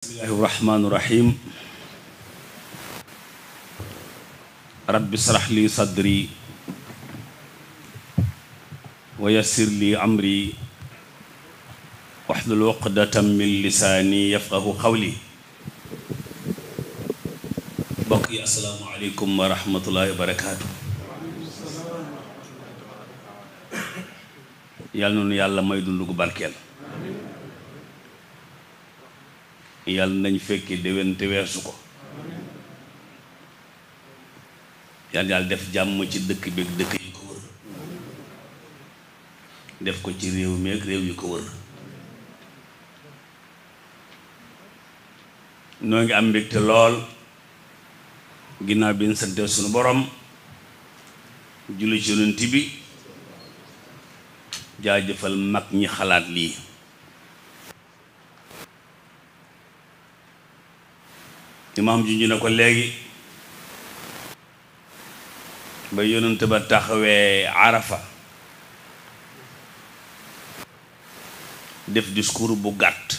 bismillahi rahmaani rahim rabbi srax li sadri wa yassir li amri waxlul uqdatan min lisaani yafqahu qawli mbokk yi assalaamu aleykum wa rahmatullahi wa barakaatu yàlla noonu yàlla may dund gu barkeel yàlla nañ fekkee déwén weesu ko yàlla yàlla def jàmm ci dëkk bi ak dëkk yi ko wër def ko ci réew mi ak réew yi ko wër noo ngi am mbégte lool ginnaaw bi ñu sante suñu borom julli ci yonent bi jaajëfal mag ñi xalaat lii imaam ji ñu ne ko léegi ba yonent ba taxawee arafa def discours bu gàtt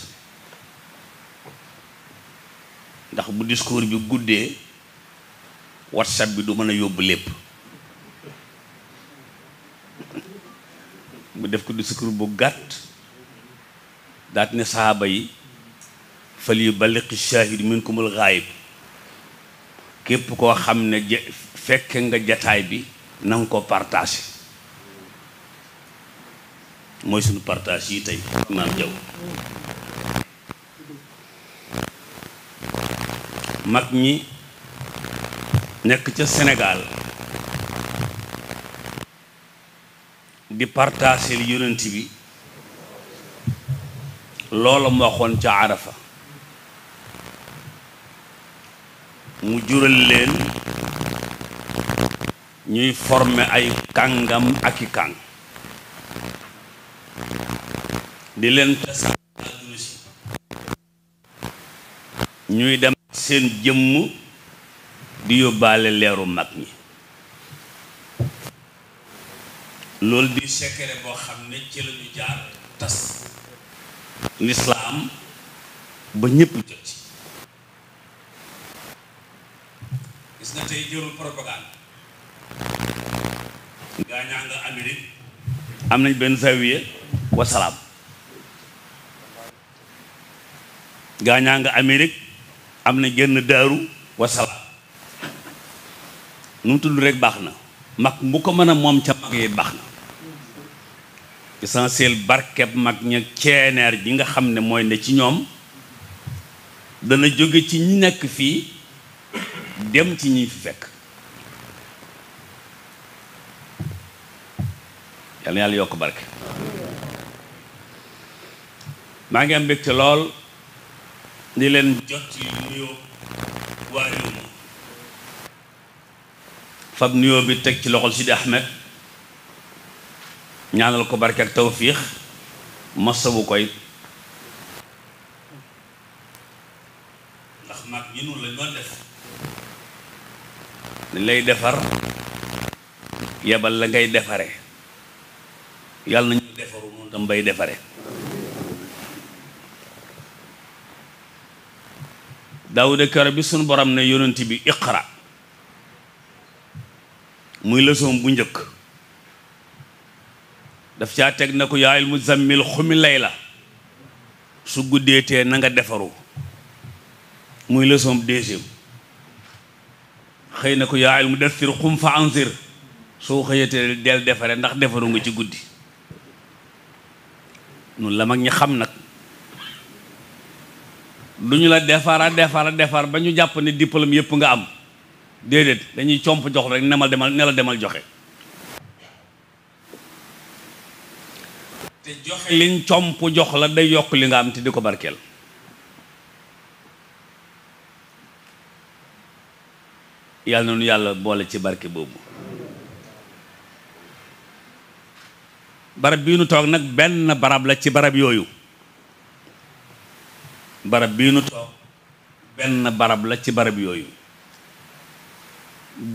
ndax bu discours bi guddee whatsapp bi du mën a yóbbu lépp mu def ko discours bu gàtt daat ne saaba yi fal yuballigh shaahidu minkumul ghaayib képp koo xam ne fekk nga jataay bi na ko partage mooy sunu partage yi tey imaam Jaw mag ñi nekk ca Sénégal di partagel yonent bi loola mu waxoon ca Arafa mu jural leen ñuy former ay kàngam ak i kàng di leen tas ñuy dem seen jëmm di yóbbaale leeru mag ñi loolu di secret boo xam ne ci lañu jaar tas lislaam ba ñépp jël gis nga tey am nañ benn zawiye wasalaam gaa ñaa am na genn daaru wasalaam mu tudd rekk baax na mag mu ko mën a moom ca mag yi baax na essentiel barkeb mag ña ceeneer ji nga xam ne mooy ne ci ñoom dana jóge ci ñi nekk fii dem ci ñi fi fekk yal na yàlla yokk barke maa ngi am mbégte lool di leen jot ci nuyoo waa réew fab nuyoo bi teg ci loxol Sidi Ahmed ñaanal ko barke ak tawfiix masawu koy ndax mag ñi noonu lañ doon def dañ lay defar yebal la ngay defare yàlla na ñu defaru moom tam bay defare daawuda kero bi suñu borom na yonent bi iqra muy leçon bu njëkk daf caa teg na ko yaayil mu zammil xumi lay la su guddeetee na nga defaroo muy leçon deuxième xëy na ko yaa mu def sir xum fa ansir soo xëyatee del defaree ndax defaru nga ci guddi nun la mag ñi xam nag du ñu la defara defara defar ba ñu jàpp ne diplôme yëpp nga am déedéet dañuy comp jox rek ma demal ne la demal joxe te joxe liñ comp jox la day yokk li nga am te di ko barkeel yàlla na nu yàlla boole ci barke boobu barab bii nu toog nag benn barab la ci barab yooyu barab bii nu toog benn barab la ci barab yooyu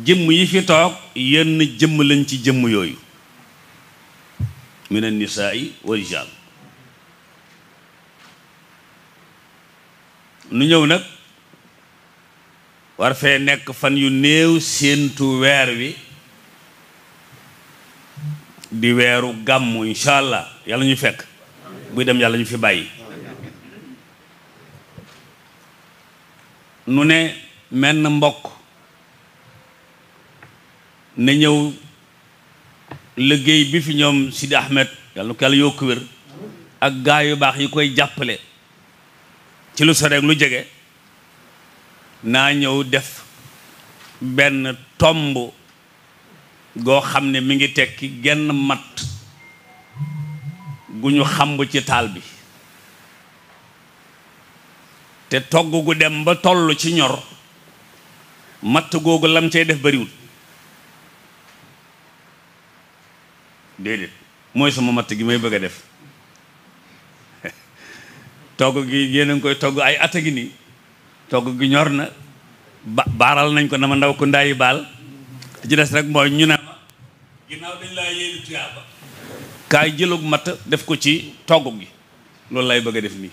jëmm yi fi toog yenn jëmm lañ ci jëmm yooyu minan nisaa'i wa rijaal nu ñëw nag war fee nekk fan yu néew séentu weer wi di weeru gàmm incha allah yàlla ñu fekk buy dem yàlla ñu fi bàyyi nu ne menn mbokk ne ñëw liggéey bi fi ñoom Sidi Ahmed yàlla ko yàlla yokku wér ak gaa yu baax yi koy jàppale ci lu sore ak lu jege naa ñëw def benn tomb goo xam ne mi ngi tekki genn matt gu ñu xamb ci taal bi te togg gu dem ba toll ci ñor matt googu lam cay def bariwul déedéet mooy sama matt gi may bëgg a def togg gi yéen a ngi koy togg ay at a ngi togg gi ñor na ba baaral nañ ko na ndaw ko ndaay baal te ci des rek mooy ñu ne ma ginnaaw jëlug matt def ko ci togg gi loolu lay bëgg a def nii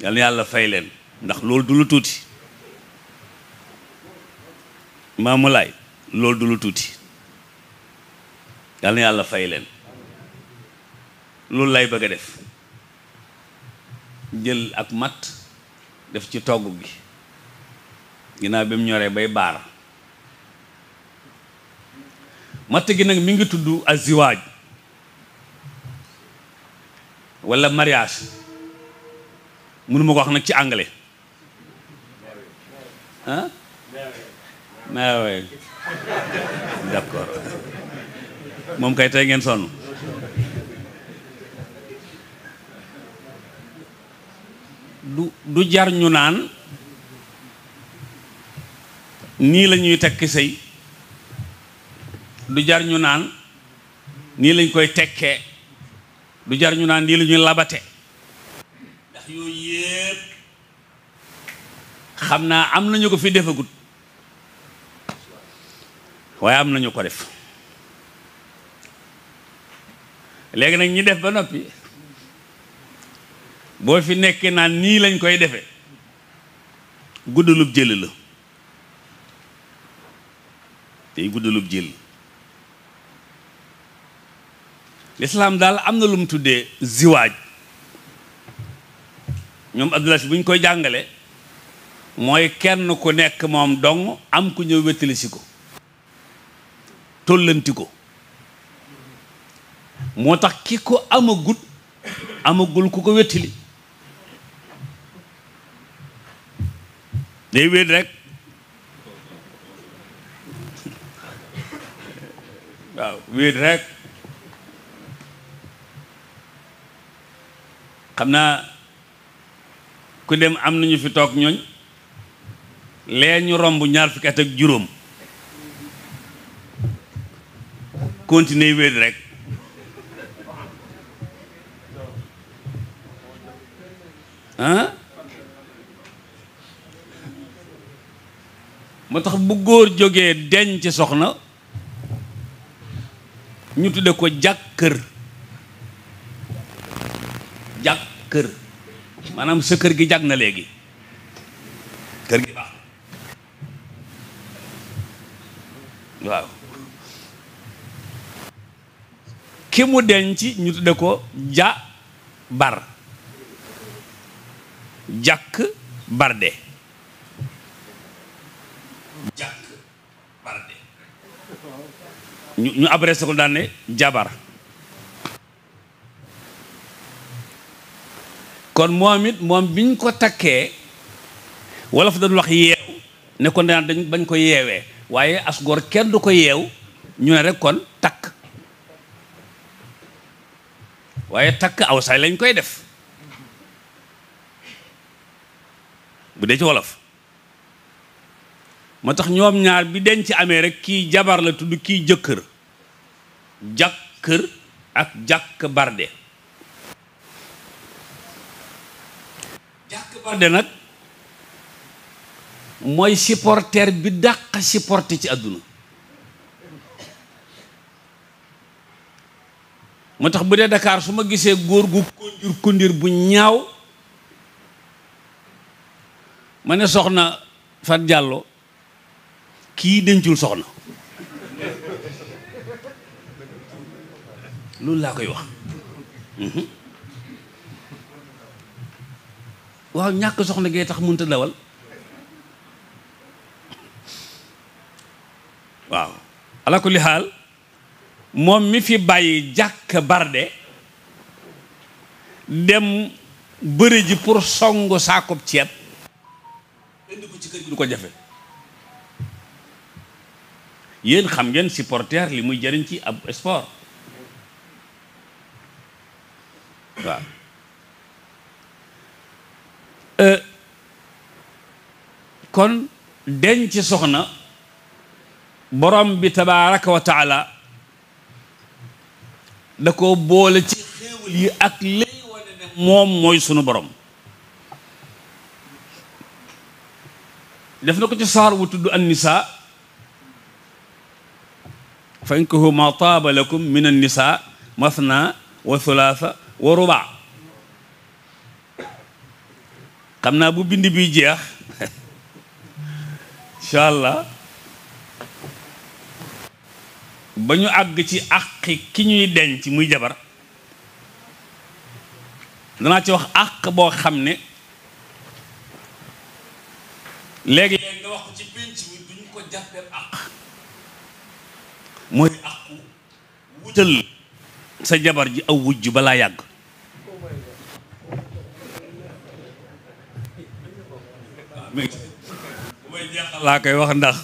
yal na yàlla fay leen ndax loolu du tuuti maamu loolu du tuuti yal yàlla fay leen loolu lay bëgg a def jël ak matt def ci togg gi ginnaaw bi mu ñoree bay baar matt gi nag mu ngi tudd aziwaaj walla mariage mënuma ko wax nag ci anglais ah d'accord moom kay tey ngeen sonn du du jar ñu naan nii la ñuy takk sëy du jar ñu naan nii lañ koy tekkee du jar naan nii la labate ndax xam naa am nañu ko fi defagut waaye am nañu ko def léegi nag ñi def ba noppi boo fi nekkee naan nii lañ koy defe guddalub jël la tey guddalub jël lislaam daal am na lu mu tuddee ziwaaj ñoom abdulaas buñ koy jàngale mooy kenn ku nekk moom doŋ am ku ñëw wettali si ko tollanti ko moo tax ki ko amagut amagul ku ko wettali day wéet rek waaw wéet rek xam naa ku dem am nañu fi toog ñooñ lee ñu romb ñaar fukki ak juróom continuer wéet rek moo tax bu góor jógee denc soxna ñu tudde ko jàkk kër jàkk kër maanaam sa kër gi jàkk na léegi kër gi baax waaw ki mu ci ñu tudde ko ja bar jàkk barde ñu ñu abrese jabar kon moom it moom biñ ko takkee wolof fa doon wax yeew ne daan bañ ko yeewee waaye as góor kenn du ko yeew ñu ne rek kon takk waaye takk aw say lañ koy def bu dee ci wolof moo tax ñoom ñaar bi deñ ci amee rek kii jabar la tudd kii jëkkër jàkkër ak jàkk barde jàkk barde nag mooy supporter bi dàq supporter ci àdduna moo tax bu dee dakaar su ma gisee góor gu kundir kundir bu ñaaw ma ne soxna Fat Diallo kii dencul soxna loolu laa koy wax mhm. waaw ñàkk soxna gee tax mënta dawal waaw ala xaal moom mi fi bàyyi jàkk barde dem bëri ji pour songu saakub ceeb indi ko ci kër gi du ko jafe yéen xam ngeen supporter li muy jëriñ ci ab sport waaw euh, kon denc soxna borom bi tabaraka wa taala da ko boole ci xéewal yi ak lay moom mooy sunu borom def na ko ci saar wu tudd an nisaa fankihu ma taaba lakum min an nisa mathna wa thulatha wa ruba xam naa bu bind bi jeex incha ba ñu àgg ci àqi ki ñuy denc muy jabar danaa ci wax àq boo xam ne léegi léegi nga wax ko ci pénc mi duñ ko jàppee àq mooy àqu wutal sa jabar ji aw wujj balaa yàgg laa koy wax ndax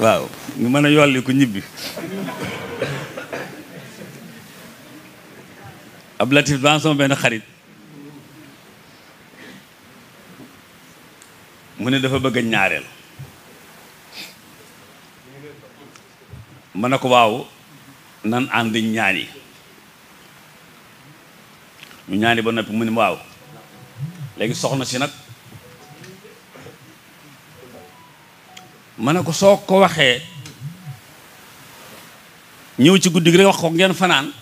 waaw ñu mën a yolli ku ñibbi ab latif ban sama benn xarit mu ne dafa bëgg ñaareel ma ne ko waaw nan ànd ñaani ñu ñaani ba noppi mu ne waaw léegi soxna si nag ma ne ko soo ko waxee ñëw ci guddi gi rek wax ko ngeen fanaan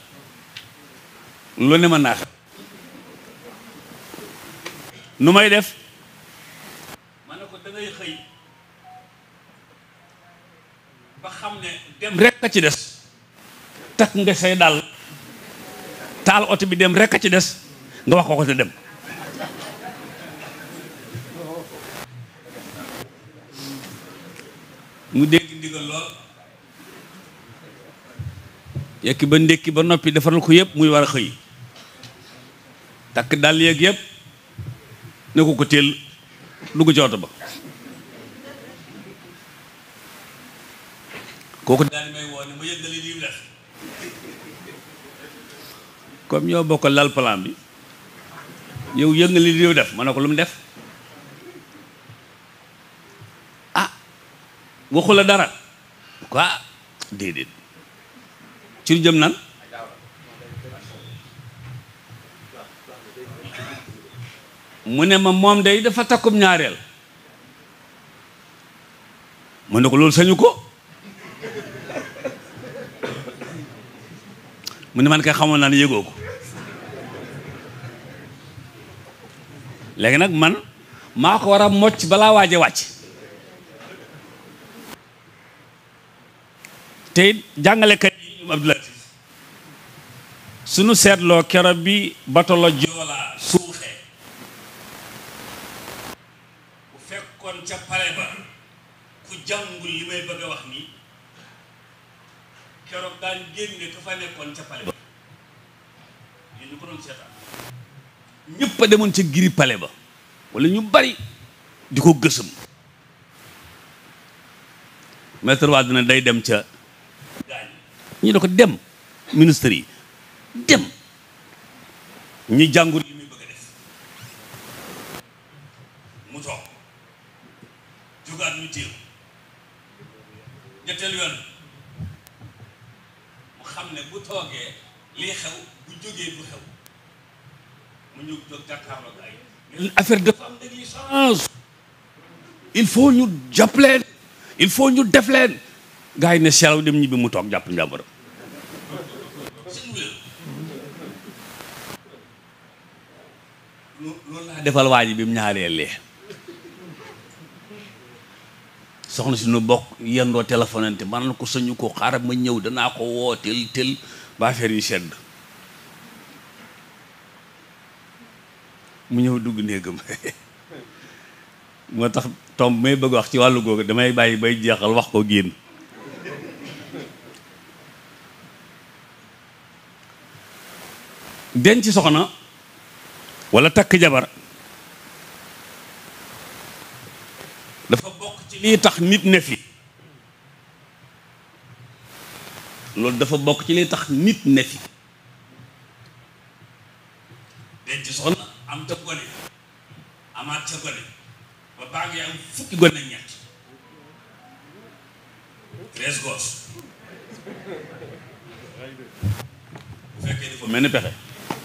lu ne ma naax nu may def ngay ba xam ne dem rekk a ci des takk nga say dàll taal oto bi dem rekk a ci des nga wax ko ko te dem mu dégg ndigal lool yekki ba ndékki ba noppi defaral ko yëpp muy war a xëy takk dàll yeeg yépp ne ko ko téel dugg ba kooku daal di may woo ne ma yëg li di def bokk lal bi yow yëg nga li di def ma ne ko lu mu def ah waxu la dara quoi déedéet ci lu jëm nan mu ne ma moom day dafa takkum ñaareel ma ne ko loolu sañu ko mu ne man kay xamoon naa ne yëgoo ko léegi nag man maa ko war a mocc balaa waaje wàcc te jàngalekat yi ñoom sunu seetloo keroog bi batolo la Joola suuxee bu fekkoon ca pare ba ku jàngul li may bëgg wax nii keroog daan génne ka ca ñëpp a demoon ca giri pale ba wala ñu bari di ko gësëm maître waa dina day dem ca ñu ne ko dem ministre yi dem ñi jàngur yi muy bëgg a def mu toog jógaat ñu téew xam ne bu toogee lii xew bu jógee du xew mu ñu jóg jàkkaarloo ay il faut ñu jàpp leen il faut ñu def leen ne selaw dem ñibbi mu toog jàpp njàmbaram loolu laa defal waa ji bi mu ñaareel lee soxna si nu bokk yendoo man na ko sañu ko xaaral ma ñëw dana ko woo tel tel ba affaire yi sedd mu ñëw dugg néegam moo tax tomb may bëgg wax ci wàllu googu damay bàyyi bay jeexal wax ko génn denc soxna walla takk jabar dafa lii tax nit ne loolu dafa bokk ci lii tax nit ne fi denc soxna am ta gone amaat ca gone ba baa ngi am fukki gone ak ñett treize gosses bu pexe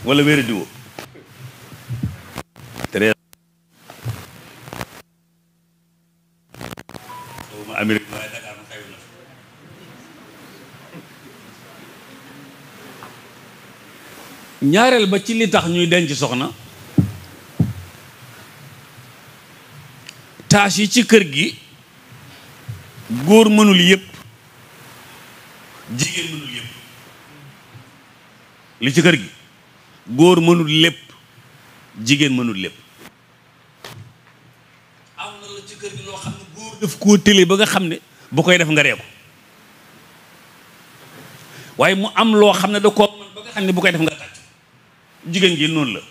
wala wéeri Amérique waaye ñaareel ba ci li tax ñuy denc soxna taas yi ci kër gi góor mënul yëpp jigéen mënul li ci kër gi góor mënul lépp jigéen mënul lépp daf koo tële ba nga xam ne bu koy def nga ree waaye mu am loo xam ne da koo man ba nga xam ne bu koy def nga tàcc jigéen gi noonu la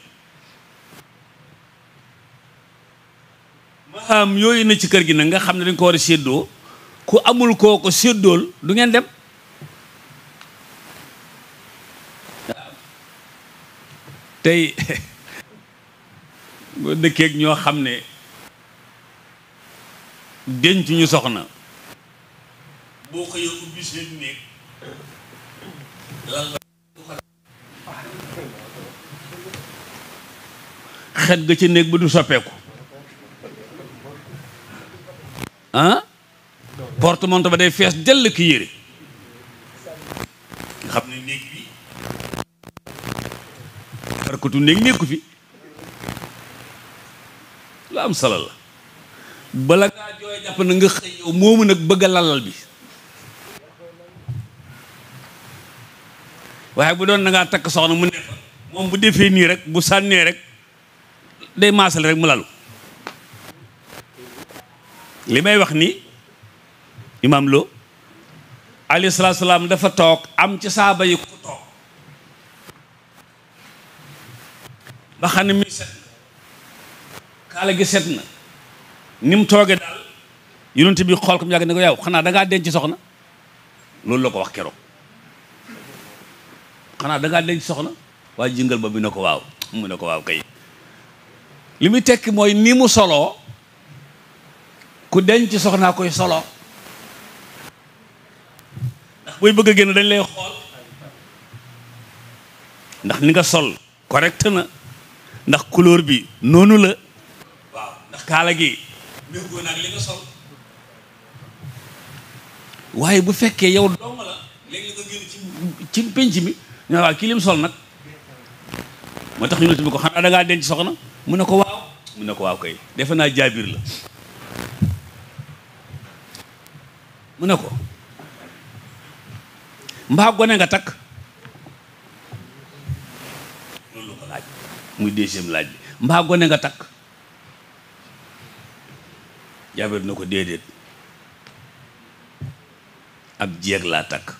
maam yooyu na ci kër gi nag nga xam ne dañ ko war a séddoo ku amul koo ko séddool du ngeen dem tey bu dëkkeeg ñoo xam ne denc ñu soxna boo xëyee ubbi seen xet ga ci néeg ba du soppeeku ah ba day fees dell ki yére nga xam ne néeg bi barkatu néeg nekku fi lu am solo la bala ngaa jooy jàpp na nga xëy yow moomu nag bëgg a lalal bi waaye bu doon na ngaa takk soxna mu ne fa moom bu defee nii rek bu sànnee rek day maasale rek mu lalu li may wax ni imaam Lo alayhi salaatu salaam dafa toog am ci saaba yi ku toog ba xam ne mi set kaala gi set na ni mu toogee daal yonent bi xool ko mu yàgg ne ko yow xanaa da ngaa denc soxna loolu la ko wax keroog xanaa da ngaa denc soxna waa jëngal ba bi ne ko waaw mu ne ko waaw kay. li muy tekki mooy ni mu soloo ku denc soxnaa koy solo booy bëgg a génn dañ lay xool ndax ni nga sol correct na ndax couleur bi noonu la waaw ndax kaala gi déggoo waaye bu fekkee yow dong la léegi nga génn ci ci penc mi ñu waaw sol nag moo tax ñu ne tamit ko xanaa da ngaa denc soxna mu ne ko waaw mu ne ko waaw kay defe naa jaabir la mu ne ko mbaa gone nga takk loolu laaj muy deuxième laaj bi mbaa gone nga takk jabet na ko déedéet ab jeeg laa takk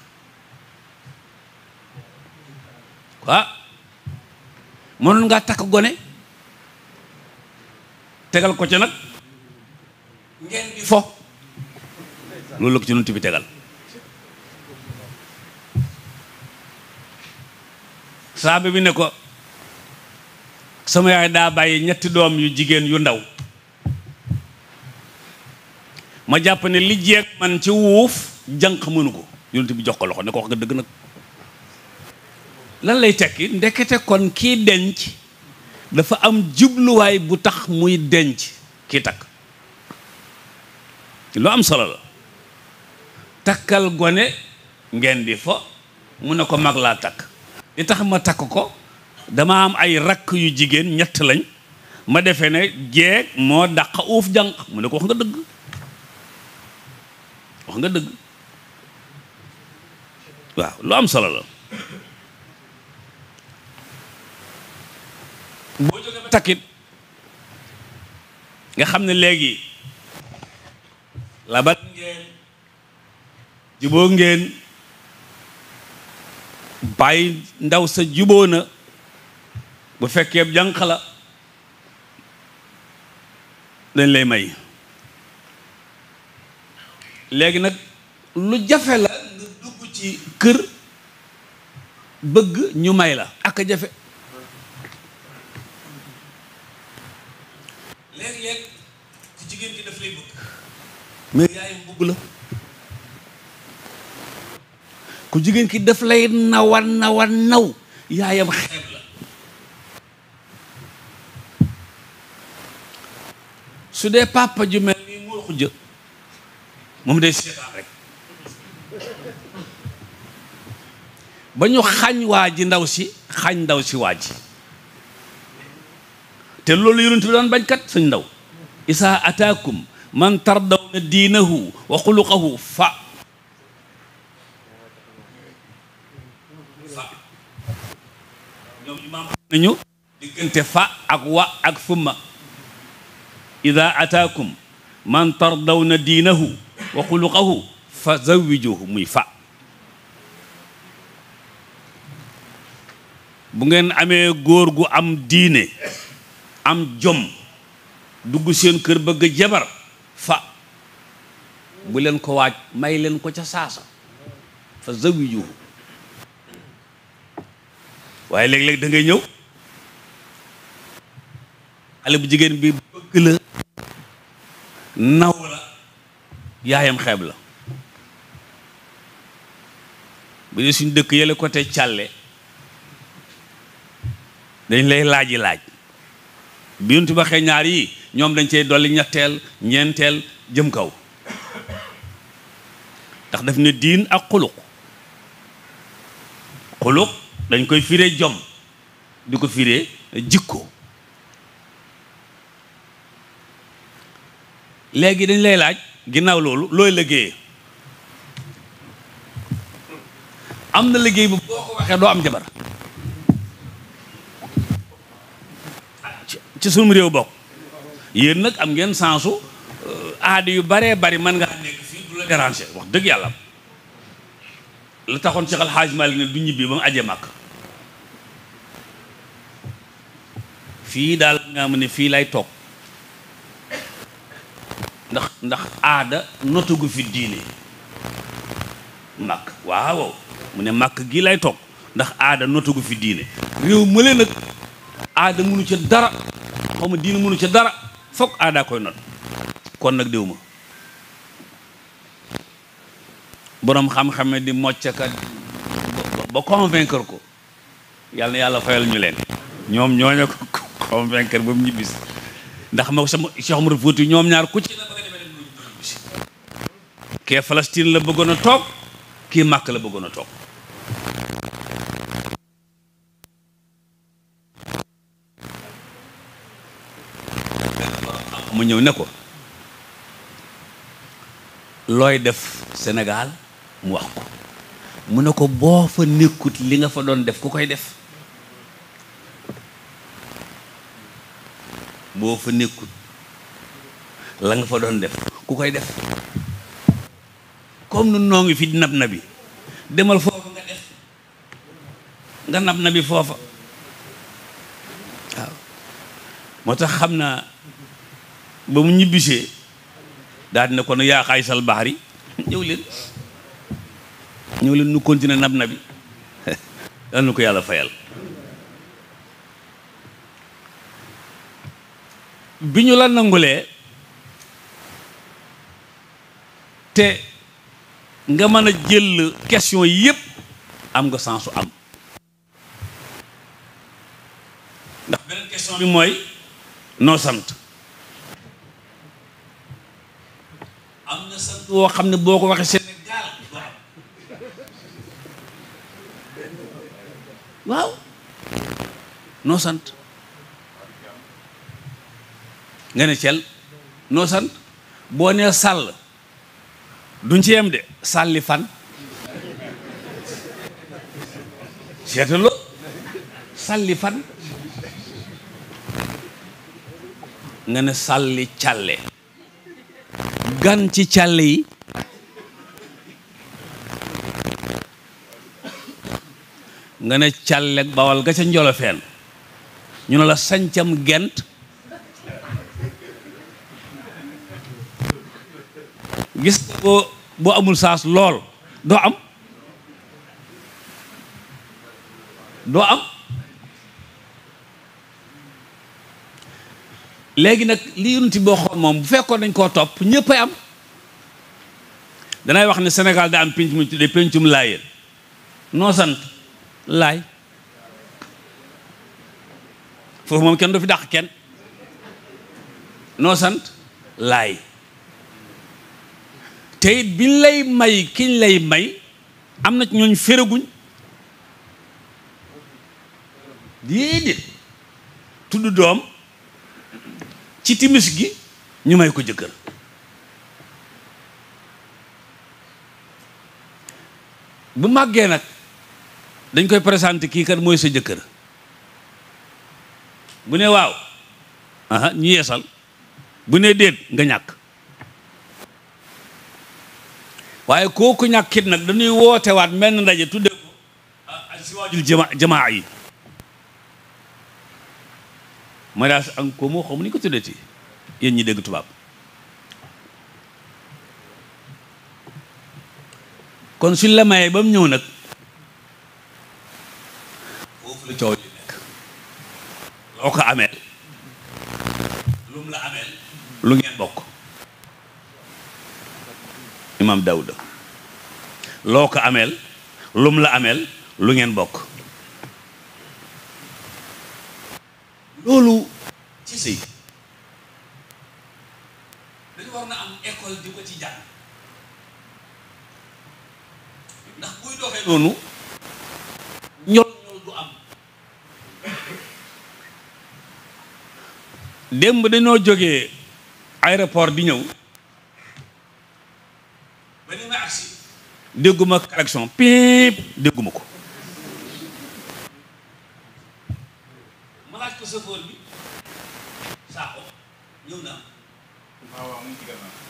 ah mënoon ngaa takk gone tegal ko ci nag fo loolu la ko ci nuntu bi tegal saaba bi ne ko sama yaay daa bàyyi ñetti doom yu jigéen yu ndaw ma jàpp ne li jeeg man ci wuuf jànq mënu ko yonent bi jox ko loxo ne ko wax nga dëgg nag lan lay tekki ndekete kon kii denc dafa am jubluwaay bu tax muy denc kii takk lu am solo la takkal gone ngeen di fo mu ne ko mag laa takk li tax ma takk ko dama am ay rakk yu jigéen ñett lañ ma defe ne jeeg moo dàq uuf jànq mu ne ko wax nga dëgg wax nga dëgg waaw lu am solo la boo jógee ba takkit nga xam ne léegi labat ngeen juboo ngeen bàyyi ndaw sa juboo na bu fekkee jànq la dañ lay may léegi nag lu jafe la nga dugg ci kër bëgg ñu may la ak jafe jigéen gi daf lay bëgg la ku jigéen ki daf lay nawa nawa naw yaayam xeeb la su dee papa ju mel ni moo xujja moom day seetaan rek ba ñu ndaw si xañ ndaw si waa ji te loolu yonent bi doon bañkat suñ ndaw isaa ataakum man tardawna diinahu wa xuluqahu fa fa ñoom imaam diggante fa ak wa ak fumma ida ataakum man tardawna diinahu wa xuluqahu fa zawwijuhu muy fa bu ngeen amee góor gu am diine am jom dugg seen kër bëgg jabar fa bu leen ko waaj may leen ko ca saasa fa zawwijuhu waaye léeg-léeg da ñëw xale bu jigéen bi bëgg la naw la yaayam xeeb la bu dee suñ dëkk yële côté càlle dañ lay laaji laaj bi yuntu waxee ñaar yi ñoom dañ cey dolli ñetteel ñeenteel jëm kaw ndax daf ne diin ak xuluq xuluq dañ koy firee jom di ko firee jikko léegi dañ lay laaj ginnaaw loolu looy liggéeyee am na liggéey bu boo ko waxee doo am jabar ci suñu réew bokk yéen nag am ngeen sensu euh, aada yu baree bari mën ngaa nekk fii du la déranger wax dëgg yàlla la taxoon Cheikh Al Hadj Malick ne du ñibbi ba mu ajee màkk fii daal nga xam ne fii lay toog ndax ndax aada notugu fi diine màkk waaw mu ne màkk gii lay toog ndax aada notugu fi diine réew mële nag aada munu ca dara xaw ma diine munu ca dara foog aadaa koy not kon nag déw ma boroom xam-xame di moccaka ba convaincre ko yàlla yàlla fayal ñu leen ñoom ñooñu ko convaincre ba mu ñibbis ndax ma sama Cheikh Omar Fouti ñoom ñaar ku ci kee Palestine la bëggoon a toog kii Màkk la bëggoon a toog mu ñëw ne ko looy def Sénégal mu wax ko mu ne ko boo fa nekkut li nga fa doon def ku koy def boo fa nekkut la nga fa doon def ku koy def comme nun noo fi nab na bi demal foofa nga def nga nab na bi foofa waaw moo tax xam na ba mu ñibbisee daal dina kon yaa xaysal baxari ñëw leen ñëw nu continuer nab na bi yal ko yàlla fayal bi ñu la nangulee te nga mën a jël question yi yëpp am nga sansu am ndax beneen question bi mooy noo sant am na woo xam ne boo ko waxee Sénégal waaw noo sant nga ne cel noo boo nee sàll duñ ci yem de sàlli fan seetaloo sàlli fan nga ne sàlli càlle gan ci càlle yi nga ne càlle bawal ga ca njolofeen ñu ne la sancam gent gis boo boo amul saas lool doo am doo am léegi nag li yunti boo xool moom bu fekkoon dañ koo topp ñëpp ay am danay wax ni Sénégal da am pénc mu tuddee péncum laayeen noo sant laay foofu moom kenn du fi dàq kenn noo sant laay te bi biñ lay may kiñ lay may am na ci ñooñ féreguñ déedéet tudd doom ci timis gi ñu may ko jëkkër bu màggee nag dañ koy présenté kii kat mooy sa jëkkër bu ne waaw aha ñu yeesal bu ne déet nga ñàkk waaye kooku ñàkkit nag dañuy woote waat mel na ndaje tudde ko ah, siwaajul jama jamaa yi mariage en commun xaw ma ni ko tuddati yéen ñi dégg tubaab kon suñ la mayee ba mu ñëw nag foofu la ko ameel lu ngeen bokk imaam loo ko ameel lum la ameel lu ngeen bokk loolu ci sëy dañu war na am école di ko ci jàng ndax buy doxee noonu ñol du am démb dañoo jóge aéroport di ñëw dégguma klaxon piip dégguma ko ma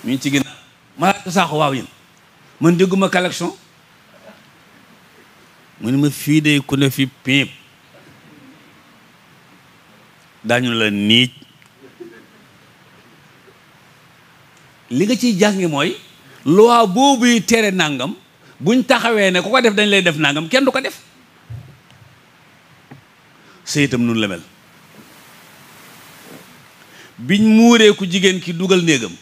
ngi ci ginnaaw ma laaj ko saako waaw yéen man dégguma klaxon mu ne ma fii day ku ne fi piip daañu la niij li nga ciy jànge mooy loi boobuy tere nangam buñ taxawee ne ku ko def dañ lay def nangam kenn du ko def sëyitam nun la biñ muuree ku jigéen ki dugal néegam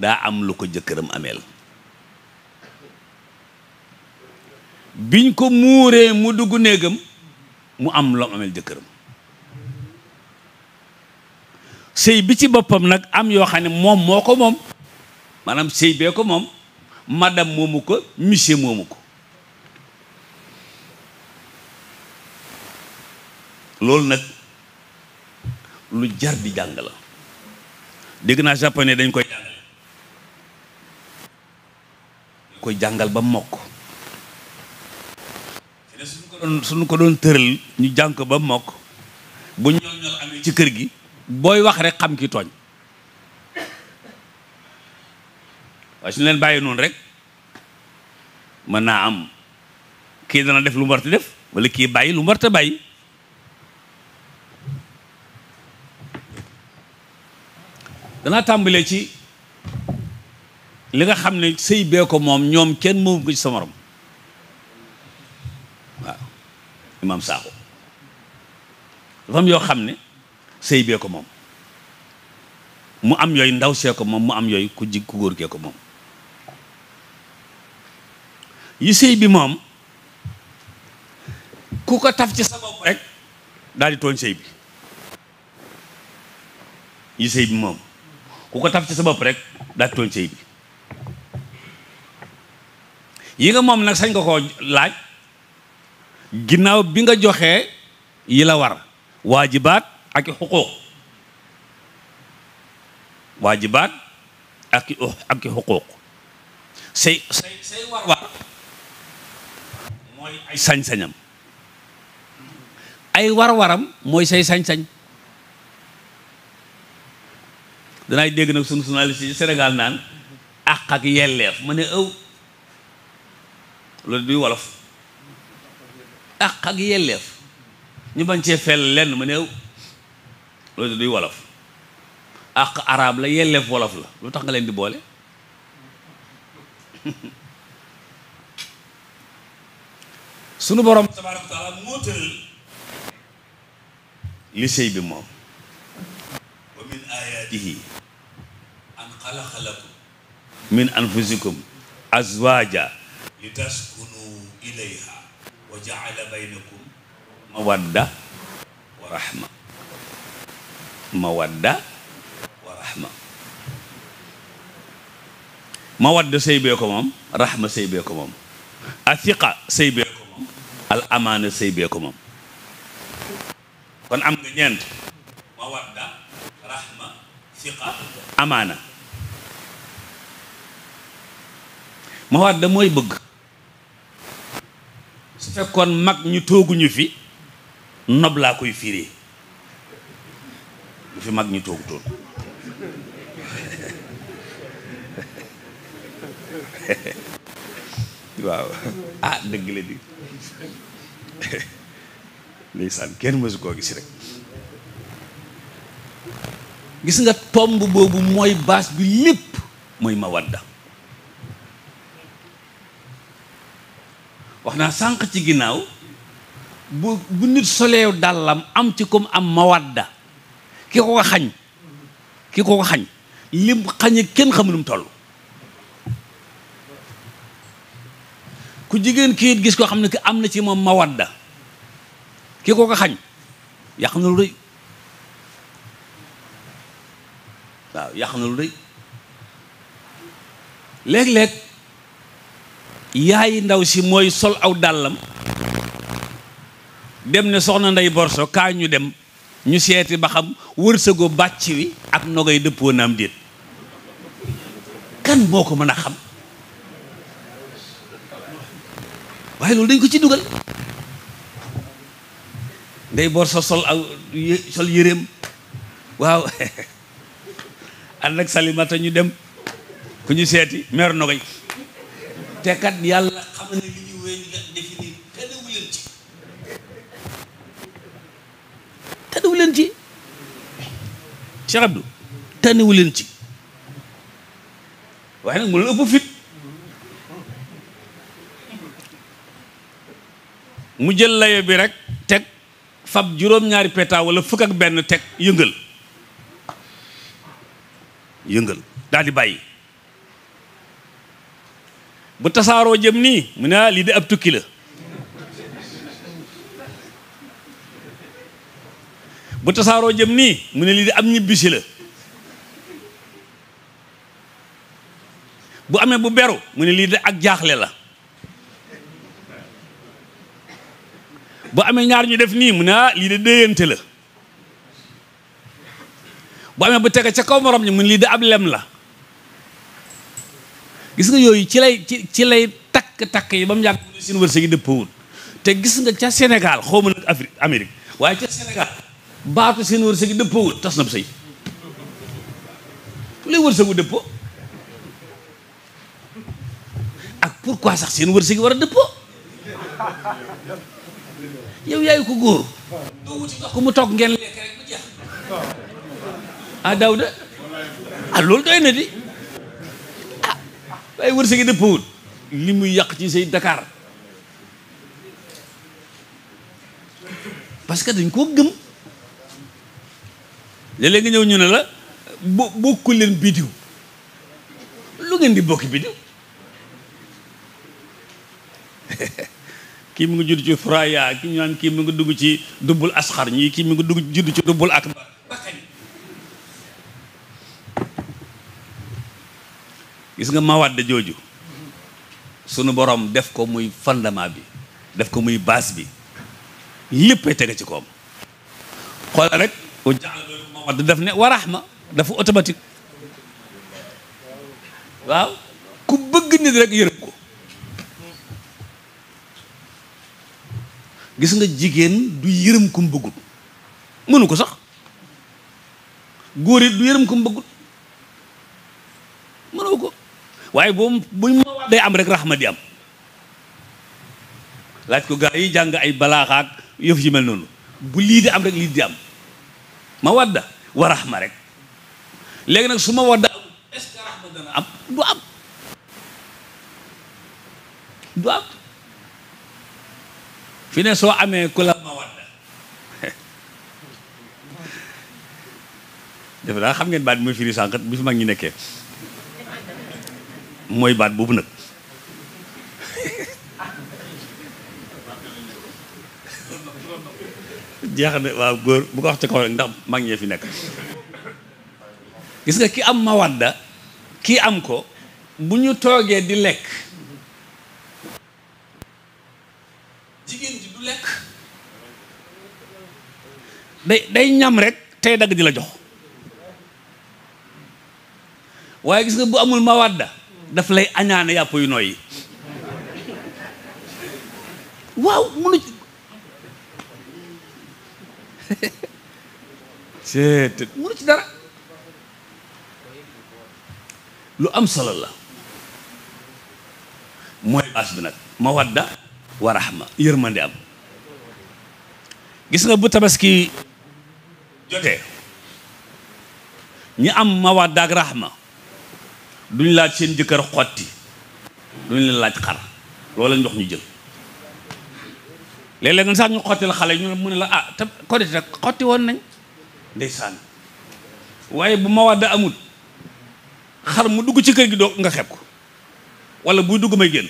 daa am lu ko jëkkëram ameel biñ ko muuree mu dugg néegam mu am lu ameel jëkkëram sëy bi ci boppam nag am yoo xam ne moom moo ko moom maanaam sëy bee ko moom madame moomu ko monsieur moomu ko loolu nag lu jar di jàng la dégg naa japonais dañ koy jàngal koy jàngal ba mokk su ko doon ko doon tëral ñu jàng ko ba mokk bu ñoo ñoo amee ci kër gi booy wax rek xam ki tooñ waaye suñu leen bàyyi noonu rek mën naa am kii dana def lu mu def wala kii bàyyi lu mu war a bàyyi danaa tàmbalee ci li nga xam ne sëy bee ko moom ñoom kenn moom ko ci sa moroom waaw imaam Sakho dafa am xam ne sëy bee ko moom mu am yooyu ndaw see ko moom mu am yooyu ku jig ku góor gee ko moom yi sëy bi moom ku ko taf ci sa bopp rek daal di bi yi bi moom ku taf ci sa bopp rek daal di tooñ sëy bi yi nga moom nag sañ nga koo laaj ginnaaw bi nga joxee yi la war waajibaat ak i xuquuq waajibaat ak i ak say say say mooy ay war-waram mooy say sañ-sañ danaay dégg nag sunu journaliste yi Sénégal naan àq ak yelleef ma ne ëw loolu duy wolof àq ak yelleef ñu bañ cee fel lenn ma ne ëw loolu duy wolof àq arab la yelleef wolof la lu tax nga leen di boole sunu borom tabaaraka wa taala moo tëral li sëy bi moom wa min ayaatihi an xalaqa lakum min anfusikum azwaaja li taskunu ilayha wa jaala baynakum mawadda wa rahma mawadda wa rahma mawadda sëy bee ko moom rahma sëy bee ko moom athiqa sëy bee ko moom al amaana sëy bee ko moom kon am nga ñeent mawadda rahma thiqa amaana mawadda mooy bëgg su kon mag ñu tooguñu fi nob laa koy firi lu mag ñi toogutoon waaw ah dëgg la di ndeysaan kenn mësu koo gis rek gis nga tomb boobu mooy baas bi lépp mooy mawadda wax naa sànq ci ginnaaw bu bu nit soleew dàllam am ci comme am mawadda ki ko ko xañ ki ko ko xañ lim xañe kenn xamul nu mu ku jigéen kii gis koo xam ne ki am na ci moom mawadda ki ko ko xañ yaa xam na lu rëy waaw yaa na lu rëy léeg-léeg yaayi ndaw si mooy sol aw dàllam dem ne soxna nday borso kaa ñu dem ñu seeti ba xam wërsëgu bàcc wi ak nogay dëppoo naam déet kan boo ko mën a xam waaye loolu dañ ko ci dugal ndey bor sa sol aw sol yëreem waaw ànd ak salimata ñu dem ku ñu seeti mer nogay te kat yàlla xam ne tànniwu leen ci Cheikh mu leen ëpp fit mu jël layo bi rekk teg fab juróom-ñaari peta wala fukk ak benn teg yëngal yëngal daal di bàyyi bu tasaaroo jëm nii mu ne ah, lii de ab tukki la bu tasaaroo jëm nii mu ne lii de am ñibbisi la bu amee bu beru mu ne lii de ak jaaxle la bu amee ñaar ñu def nii mu ne ah lii de déyante la bu amee bu tege ca kaw morom ñi mu ne lii de ab lem la gis nga yooyu ci lay ci ci lay takk-takk yi ba mu yàgg mu ne seen wërsëg yi dëppawul te gis nga ca Sénégal xaw ma nag Afrique waaye ca Sénégal baatu seen wërsëg yi tas na bu sëy ku lay wërsëgu dëppoo ak pourquoi sax seen wërsëg war a dëppoo yow yaay ko góor ko mu toog ngeen lekk rek bu jeex ah Daawda ah loolu doy na di ah waaye wërsëg yi dëppoowul li muy yàq ci say Dakar parce que dañ koo gëm léeg-léeg ñëw ñu ne la bo bokku leen bidiw lu ngeen di bokki bidiw kii mu ngi judd ci Thuraya kii ñu mu ngi dugg ci dubbul asxar ñii kii mu ngi dugg judd ci dubbul ak gis nga mawadda jooju sunu boroom def ko muy fondement bi def ko muy baas bi léppay tege ci koom xoolal rek Wade daf ne wa rahma dafa automatique waaw ku bëgg nit rek yërëm ko gis nga jigéen du yërëm ku mu mënu ko sax góor it du yërëm ku mu bëggul ko waaye boobu buñ ma wax am rek rahma di am laaj ko gaa yi jàng ay balaaxaak yëf yi mel noonu bu lii di am rek lii di am ma wadda wa raxma rek léegi nag su ma wadda am du am fi ne soo amee ku la ma wadda defe naa xam ngeen baat bi muy firi sànqat bi fi mag ñi nekkee mooy baat boobu nag jeexal na waaw góor bu ko wax ci kaw ndax mag ñee fi nekk gis nga ki am mawadda kii am ko bu ñu toogee di lekk lekk day day ñam rek tey dagg di la jox waaye gis nga bu amul mawadda daf lay añaane yàpp yu nooy yi waaw munu seet mënu ci dara lu am solo la mooy baas bi nag mawadda wa rahma yërmande am gis nga bu tabaski jotee ñi am mawadda ak rahma duñ laaj seen jëkkër xotti duñ leen laaj xar loola lañ wax ñu jël léeg-léeg nag sax ñu la xale ñu mun ne la ah te kodite nag xotti woon nañ ndeysaan waaye bu ma mawadda amul xar mu dugg ci kër gi doo nga xeeb ko wala buy dugg may génn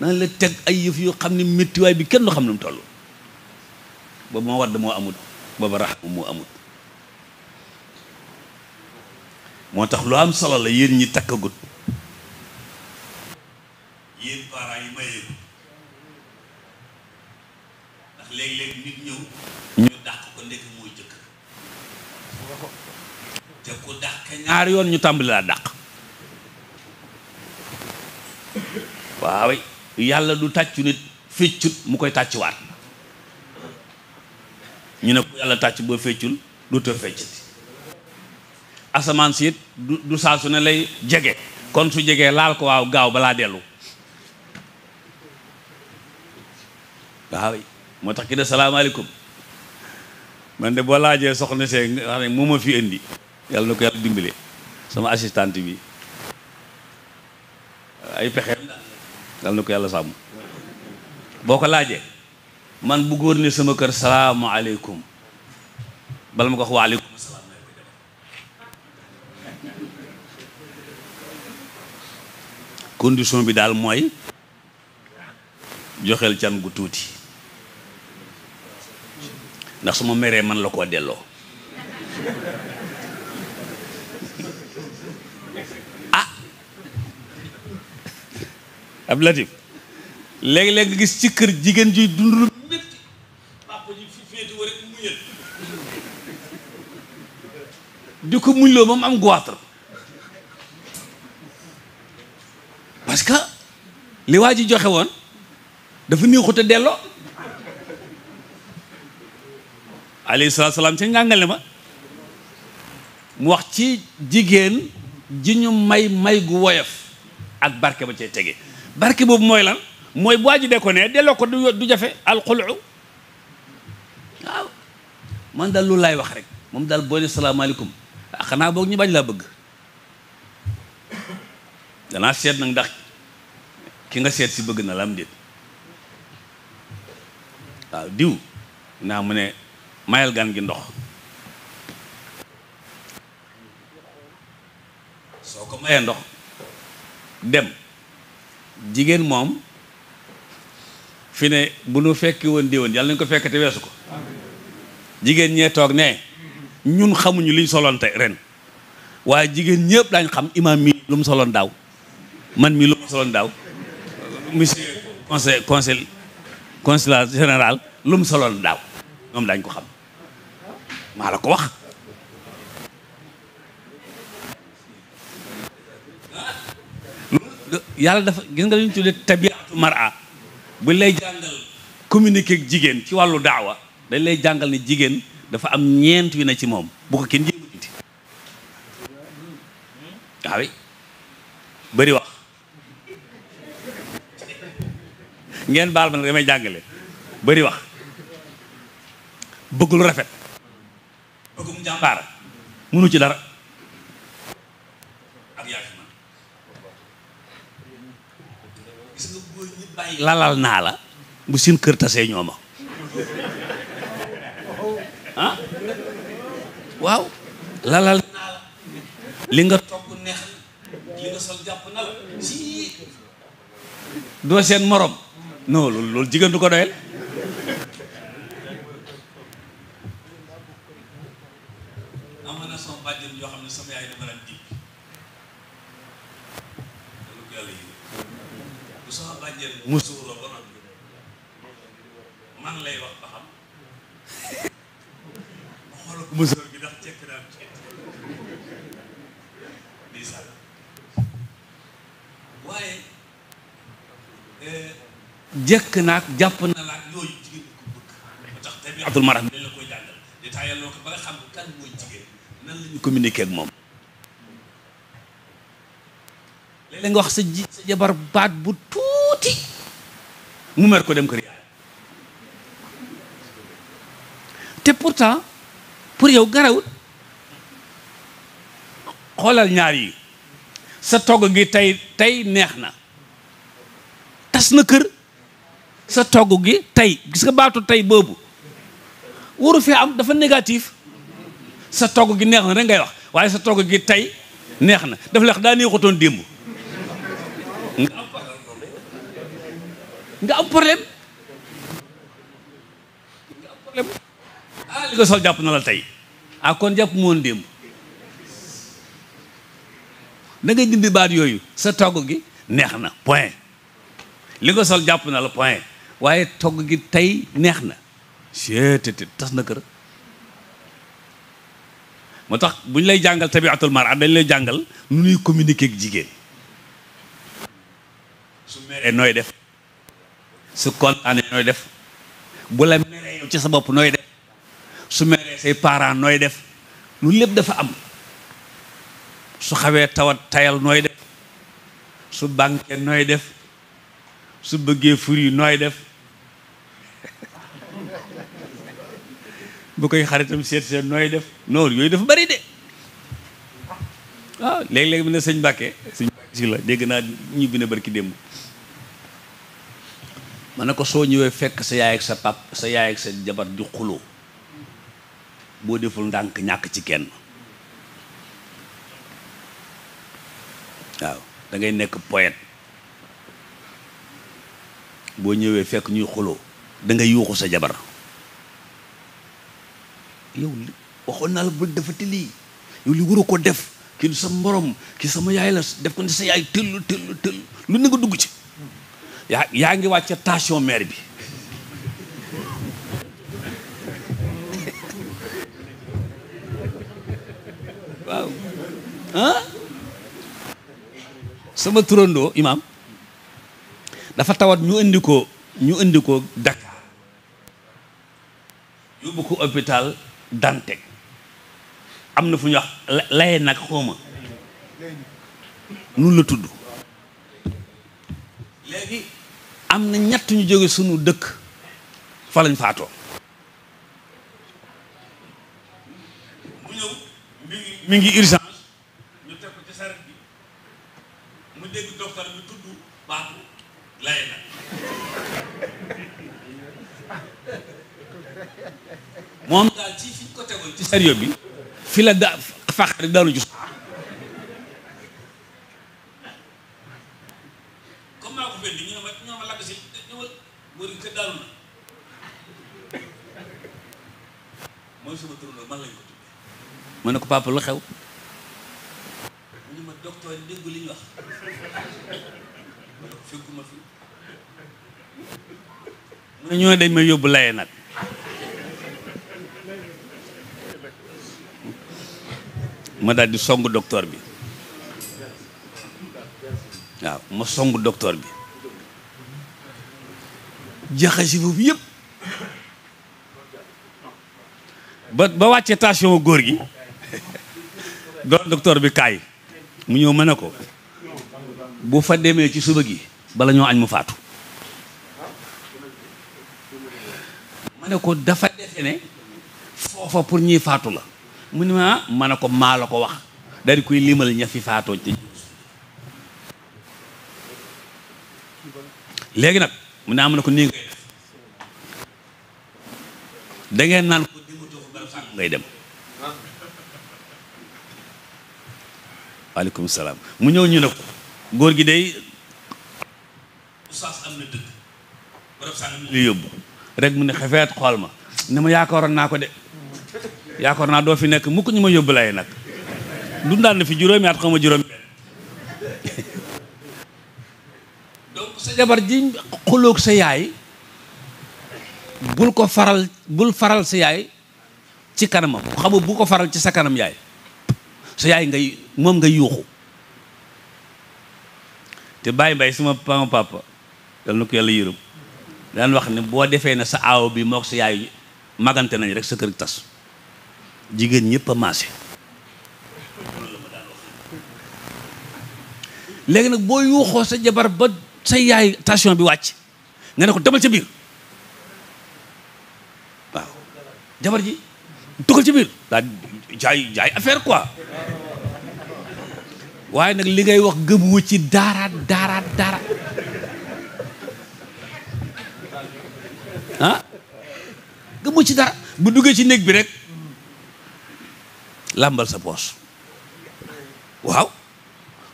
dana la teg ay yëf yoo xam ne méttiwaay bi kenn du xam ne mu toll boobu mawadda moo amut boobu raxma moo amut moo tax lu am solo la yéen ñi takkagut yéen parents yi ñu dàq ko ndekk yoon ñu tàmbali laa dàq waaw yàlla du tàccu nit feccut mu koy tàccuwaat ñu ne ko yàlla tàcc boo feccul du te feccati asamaan si it du saa su ne lay jege kon su jegee laal ko waaw gaaw balaa dellu waaw moo tax ki ne salaamaaleykum man de boo laajee soxna see nga xam ne moo ma fi indi yàlla na ko yàlla dimbale sama assistante bi ay pexeem yàlla na ko yàlla sàmm boo ko laajee man bu góor ne sama kër salaamaaleykum bala ma ko wax waaleykum condition bi daal mooy joxeel can gu tuuti ndax su ma meree man la koo delloo a ah! ab latif léegi-léeg gis ci kër jigéen ji dundul métti di ko muñloo ba mu am goitre parce que li waa ji joxe woon dafa néexut delloo alayhi salaam ca njàngale ma mu wax ci jigéen ji ñu may may gu woyof ak barke ba cay tege barke boobu mooy lan mooy bu waaj de ko ne delloo ko du jafe alxulu waaw man daal loolu laay wax rek moom daal boo ne salaamaaleykum ah, xanaa boog ñu bañ laa bëgg danaa seet nag ndax ki nga seet si bëgg na la am waaw diw naa mu ne mayal gan gi ndox soo ko mayee ndox dem jigéen moom fi ne bu nu fekki woon di woon yàlla nañu ko fekkate weesu ko jigéen ñee toog ne ñun xamuñu liñ soloon te ren waaye jigéen ñëpp daañ xam imaam mi lu mu soloon daaw man mi lu mu soloon daaw monsieur conseil conseil consulat général lu mu soloon daaw ñoom daañ ko xam maa la ko wax yàlla dafa gis nga lu ñu tuddee tabiatu mara bu lay jàngal communiquer ak jigéen ci wàllu daawa dañ lay jàngal ne jigéen dafa am ñeent yu ne ci moom bu ko kenn jéem a waaw wax ngeen baal ma nag damay jàngale bëri wax bëggul rafet bëggum munu ci dara ak lalal naa la bu seen kër tasee ñooma ah waaw lalal li nga togg neex doo seen morom non loolu loolu jigéen du ko doyal ne ay dama lay wax ba xam ma xoolal ko eh, jàpp na yooyu jigéen ko bëgg la koy jàngal di moom la wax sa ji sa jabar baat bu tuuti mu mer ko dem kër yaay te pourtant pour yow garawut xoolal ñaar yi sa togg gi tey tey neex na tas na kër sa togg gi tey gis nga baatu tey boobu waru fee am dafa négatif sa togg gi neex na rek ngay wax waaye sa togg gi tey neex na dafa leex daa neexutoon démb nga am problème nga ah, li nga sol jàpp na la tey ah kon jàpp moon démb da dindi baat yooyu sa togg gi neex na point li nga sol jàpp na la point waaye togg gi tey neex na seetété tas na kër moo tax bu ñu lay jàngal tabiatul am dañ lay jàngal nu ñuy communiquer jigéen su meeree nooy def su kontaanee nooy def bu la meree yow ci sa bopp nooy def su meree say parent nooy def lu lépp dafa am su xawee tawat tayal nooy def su banque nooy def su bëggee furi nooy def bu koy xaritam seet seet nooy def noonu yooyu dafa bari de waaw ah, léeg-léeg mu ne sëñ Mbàkke sëñ Mbàkke si la dégg naa ñibbi na barki démb ma ne ko soo ñëwee fekk sa yaay ak sa pap sa yaay ak sa jabar ju xuloo boo deful ndànk ñàkk ci kenn waaw dangay nekk poète boo ñëwee fekk ñuy xuloo da ngay yuuxu sa jabar yow li waxoon naa la bu defati lii yow li waru ko def kii du sa mborom kii sama yaay la def ko ni sa yaay tëll tëll tëll lu ne dugg ci yaa yaa ngi wàcc tension maire bi waaw ah turandoo imaam dafa tawat ñu indi ko ñu indi ko Dakar yóbbu ko hôpital Dantec am na fu ñu wax laye nag xooma nun la tudd am na ñett ñu jóge sunu dëkk fa lañ faatoo mu ñëw mi ngi mi ngi urgence teg ci saret bi mu dégg docteur bi tudd na moom la da sama turandoo ko tuddee ne ko papa lu xew mu ne ma docteur dégg ma yóbbu laye nag ma daal di song docteur bi waaw ma song docteur bi jaxase foofu yëpp ba ba wàccee tension góor gi doon docteur bi kaay mu ñëw mën ko bu fa demee ci suba gi bala ñoo añ mu faatu ma ne ko dafa defe ne foofa pour ñuy faatu la mu ne ma ah, ma ko maa ko wax daal di limal ña fi faatoo ci léegi nag mu ne am ah, ko nii ngay def naan ngay dem waaleykum salaam mu ñëw ñu ne ko góor gi day oustaz am yóbbu rek mu ne xefeet xool ma ne ma yaakaaroon naa ko de yaakaar naa doo fi nekk mukk ñu ma yóbbu lay nag dundaan na fi juróomi at xaw ma juróomi yaay bul ko faral bul faral sa yaay ci kanamam xam bu ko faral ci sa kanam yaay sa yaay ngay moom nga yuuxu te bàyyi mbay suma pama papa dal na ko yàlla yërëm daan wax ne boo defee na sa aaw bi moo ko sa yaay magante nañ rek sa kër tas jigéen ñëpp a maase léegi nag boo yuuxoo sa jabar ba sa yaay tension bi wàcc nga ne ko demal ca biir waaw jabar ji dugal ci biir daal jaay jaay affaire quoi waaye nag li ngay wax gëm ci dara dara dara ah ci dara bu duggee ci néeg bi rek làmbal sa poos waaw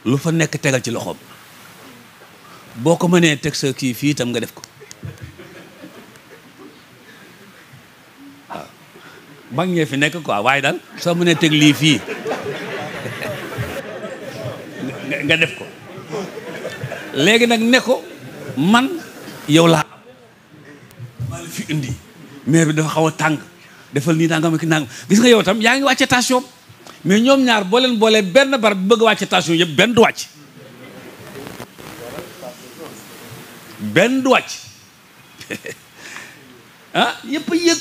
lu fa nekk tegal ci loxoom boo ko mënee teg sa kii fii itam nga def ko mag ñee fi nekk quoi waaye daal soo mënee teg lii fii nga def ko léegi nag ne ko man yow laa maa fi indi maire bi dafa xaw a tàng defal nii nangam ki nangam gis nga yow tam yaa ngi wàcce station mais ñoom ñaar boo leen boolee benn barab bi bëgg wàcce station yëpp benn du wàcc benn du wàcc ah yëpp yëg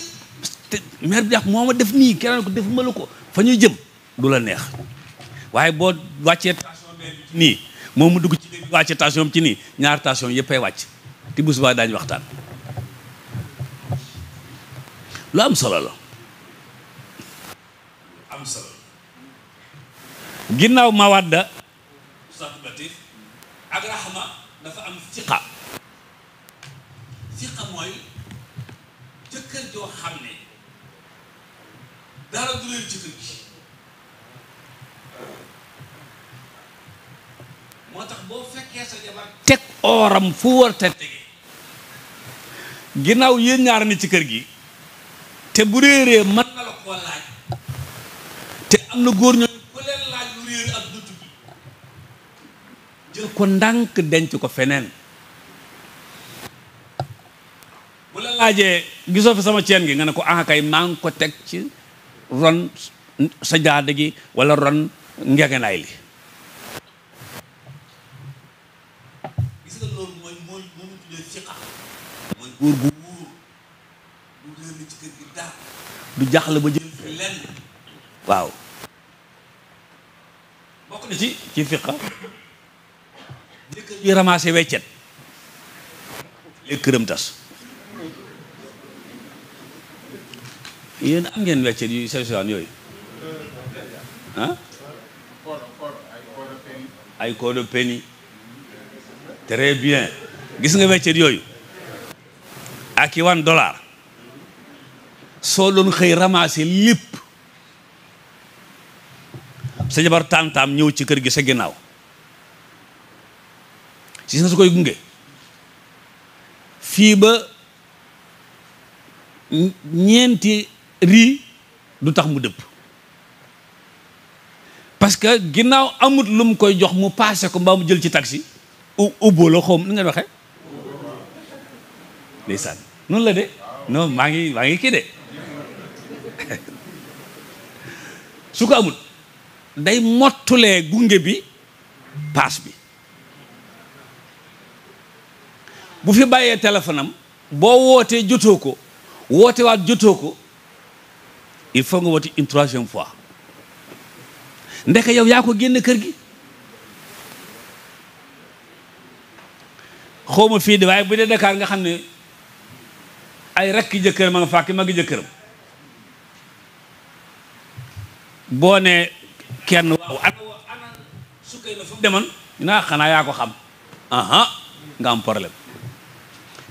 te maire bi dax moo ma def nii keneen ko def ko fa ñu jëm du la neex waaye boo wàccee station moom mu dugg ci wàccee station ci nii ñaar station yëppay wàcc te subaa daañu waxtaan lu am solo la am solo ginnaaw mawadda saxbati ak raxma dafa am fiqa fiqa mooy jëkkër joo xam ne dara du leen ci kër gi teg ooram fu warta tege ginnaaw yéen ñaar ni ci kër gi te bu réeree mën na te am na góor ñooñu jël ko ndànk denc ko feneen bu la gisoo fi sama ceen gi nga ne ko ah kay maa ko teg ci ron sajaada gi wala ron ngegenaay li gis nga du dëll ba jël waaw bokk na ci fiqa jëkkër ñuy weccet léegi këram yéen am ngeen weccet yu sew sewaan yooyu gis nga weccet yooyu ak i wan dollar soo doon xëy ramassé lépp sa jabar taam-taam ñëw ci kër gi sa ginnaaw si na su koy gunge fii ba ñeenti rii du tax mu dëpp parce que ginnaaw amut lum koy jox mu paase ko mbaa mu jël ci taxi ubbo la xoom ni nga waxee ndeysaan noonu la de non maa ngi maa ngi kii de su ko amut day mottulee gunge bi paas bi bu fi bàyyee téléphone boo wootee jotoo ko woote waat jotoo ko il faut nga wati une troisième fois ndeke yow yaa ko génn kër gi xawma fii de waaye bu dee Dakar nga xam ne ay rakki jëkkër ma nga fàkki magi jëkkëram boo ne kenn waaw ana ana sukkay na fu demoon naa ah, xanaa yaa ko xam aha nga am problème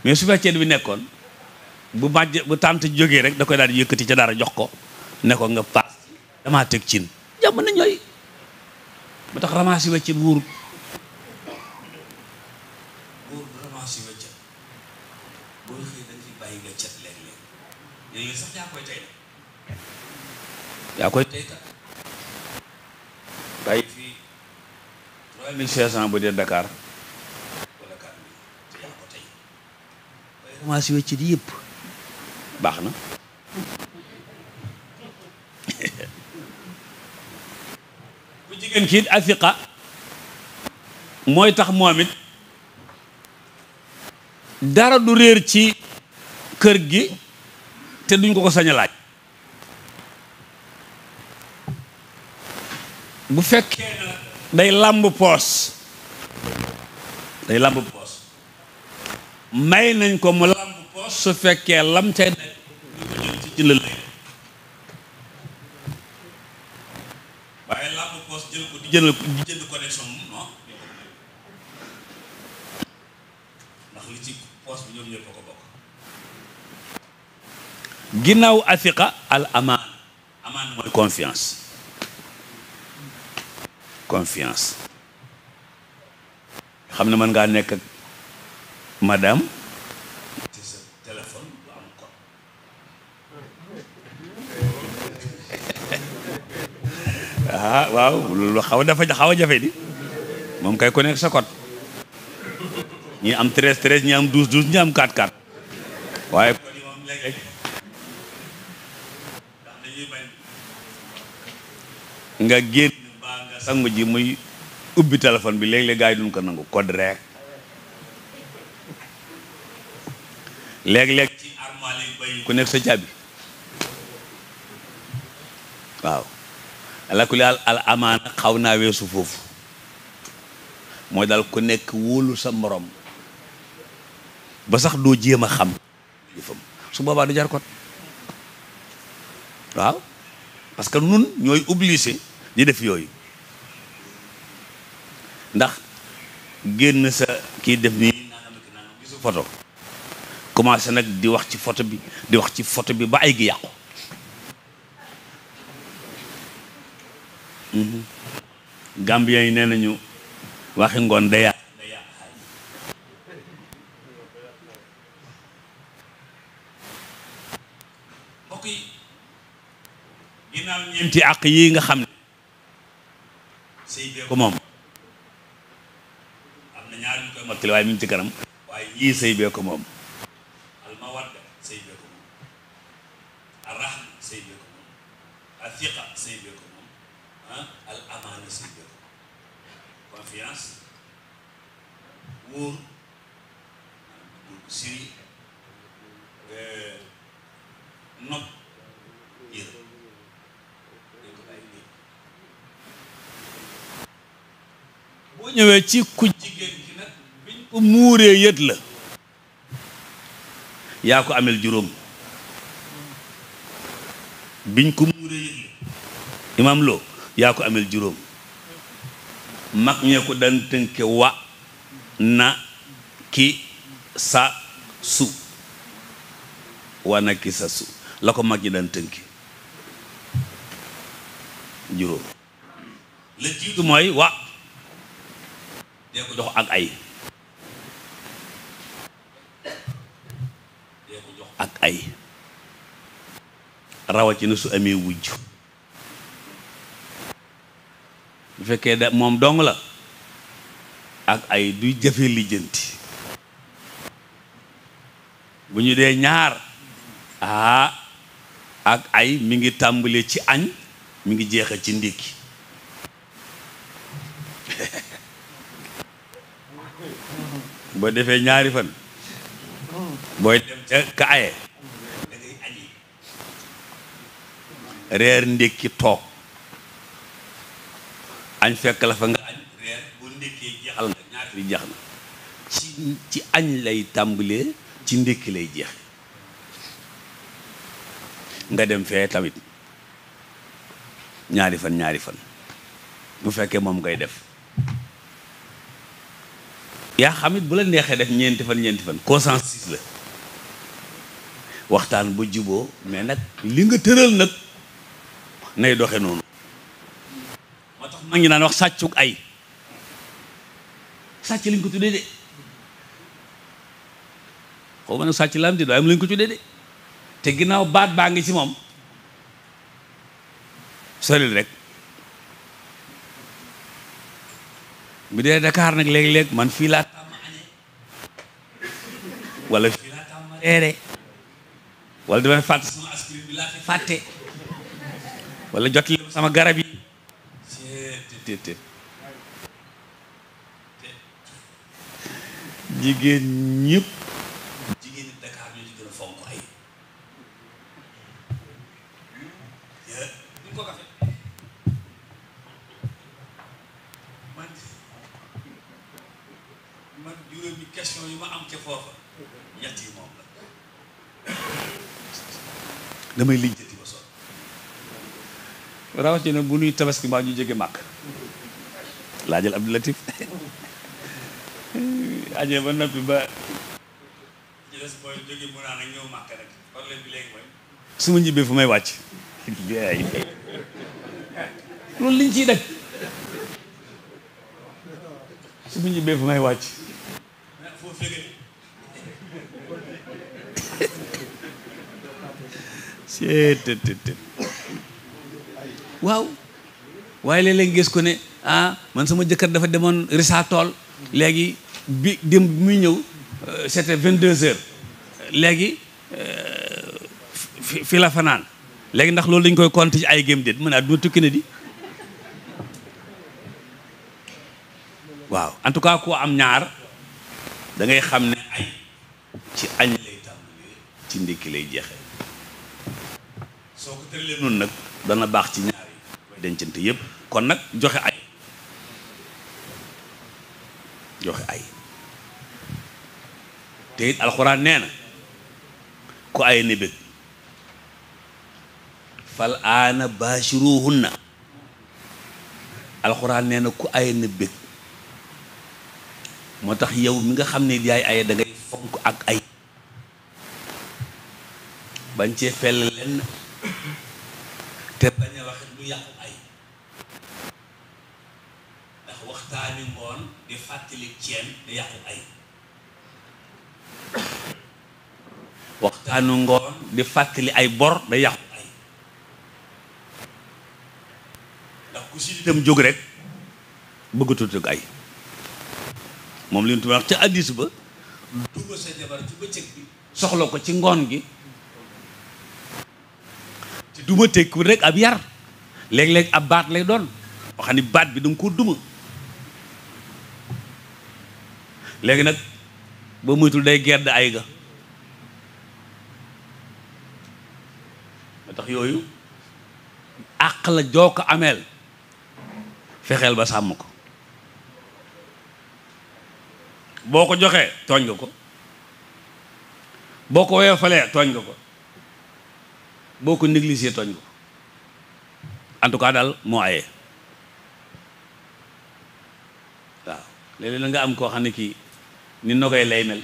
mais su fekkee bi nekkoon bu bàjj bu tànt jógee rek da koy daal di yëkkati ca dara jox ko ne nga paas damaa teg cin jàmm na ñooy ba tax ramaasi wecc buur buur ramaasi wecc booy xëy dañ fi bàyyi yaa koy bàyyi fii trois mille cinq cent bu dee Dakar ramaasi wecc di baax na bu jigéen kiit athiqa mooy tax moom it dara du réer ci kër gi te duñ ko ko sañ bu fekkee day làmb day làmb poos may nañ ko mu làmb poos su fekkee lam cay nekk ci la lay jënd jënd connexion ginnaaw athiqa al amaan mooy confiance confiance xam na mën ngaa nekk madame Ah, waaw xaw a dafa xaw a jafe di moom kay ku nekk ñi am treize treize ñi am douze douze ñi am quatre quatre nga génn baa nga ji muy ubbi téléphone bi léeg-léeg gars yi duñ ko nangu code ci armoire lay bay caabi waaw alakulial al amaana xaw naa weesu foofu mooy daal ku nekk wóolu sa moroom ba sax doo jéem a xam jëfam su boobaa du jar kot waaw parce que nun ñooy obligé di def yooyu ndax génn sa kii def nii gisu photo commencé nag di wax ci photo bi di wax ci photo bi ba ay gi yàqu Mm-hmm. Gambien yi nee nañu waxi ngoon day yàq mbokk yi nga xam ne ko moom am na ñaar ñu koy mottali waaye mi ngi ci kanam waaye yii sëy bee ko moom ñëwee ci ku muuree yët la yaa ko amel juróom biñ ko muuree yët la imaam loo yaa ko amel juróom mag ñee ko daan wa na ki sa su wa na ki sa su la ko mag ñi daan juróom la jiitu mooy wa dee ko jox ak ay dee ko jox ay rawatina su amee wujj bu fekkee da moom dong la ak ay du jafe lijjanti bu ñu dee ñaar aa ak ay mi ngi tàmbale ci añ mu ngi jeexal ci ndékki boo defee ñaari fan booy dem ca ka reer ndékki toog añ fekk la fa nga añ reer bu ndékkee jeexal nga ñaari fan ci añ lay tàmbalee ci ndékki lay jeex nga dem fee tamit ñaari fan ñaari fan bu fekkee moom ngay def yaa xam bu la neexee def ñeenti fan ñeenti fan consensus la waxtaan bu juboo mais nag li nga tëral nag nay doxe noonu moo tax mag ñi naan wax sàccuk ay sàcc lañ ko tuddee de xaw ma nag sàcc la am di waaye mu lañ ko tuddee de te ginnaaw baat baa ngi ci moom soril rek bu dee dakaar nag léeg-léeg man fii laa tàmm wala fii laa tàmm reere wala damay fàtte sama askrim bi wala jot sama garab yi te jigéen ñëpp leçon yu ma am ca foofa ñett yi moom bu nuy tabaski maa ñu jege màkk laajal Abdou Latif aje ba noppi ba su ma ñibbee fu may wàcc loolu liñ ciy su ma ñibbee fu may wàcc fégéni waaw waaye léeg-léeg gis ko ne ah man sama jëkkër dafa demoon risa tool léegi bi démb bi muy ñëw euh, c'était vingt deux heures léegi euh, fi la fanaan léegi ndax loolu dañ koy conti ay gém déet mën naa duma tukki na di waaw en tout am ñaar da ngay xam ne ay ci añ lay tàmbalee ci ndékki lay jeexee soo ko tëralee noonu nag dana baax ci ñaar yi dencante yëpp kon nag joxe ay joxe ay te it alxuraan nee na ku ay ne alxuraan nee na ku ay ne bëgg moo tax yow mi nga xam ne yaay ay da ngay fonk ak ay bañ cee fel lenn te bañ a wax lu yàqu ay waxtaani ngoon di fàttali ceen ay fàttali ay bor da yàqu ay ndax ku si jóg rek bëgg tudd ay moom li ñu tubaab wax ca addis ba soxla ko ci ngoon gi te duma tekku rek ab yar léeg-léeg ab baat lay doon wax baat bi danga ko duma léegi nag ba muytul day gedd ay ga ma tax yooyu àq la joo ko ameel fexeel ba sàmm ko boo ko joxee tooñ nga ko boo ko woyofalee tooñ nga ko boo ko négligé tooñ nga ko en tout cas daal moo ayee waaw léeg-léeg nga am koo xam ne kii ni na koy lay mel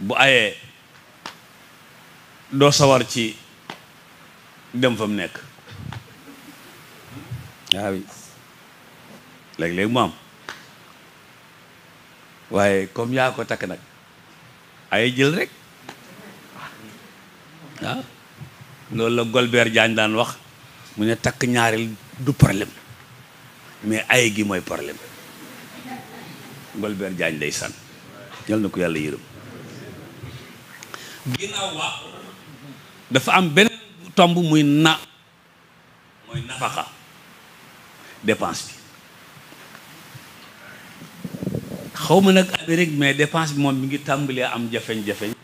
bu ayee doo sawar ci dem fa mu nekk waaw léeg-léeg am waaye comme yaa ko takk nag ay jël rek loolu la Golbert jaañ daan wax mu ne takk ñaareel du problème mais ay gi mooy problème Golbert jaañ day san yal na ko yàlla yërëm dafa am benn tomb muy nafaxa dépense bi xaw ma nag Amérique mais dépense bi moom mi ngi tàmbalee am jafeñ-jafeñ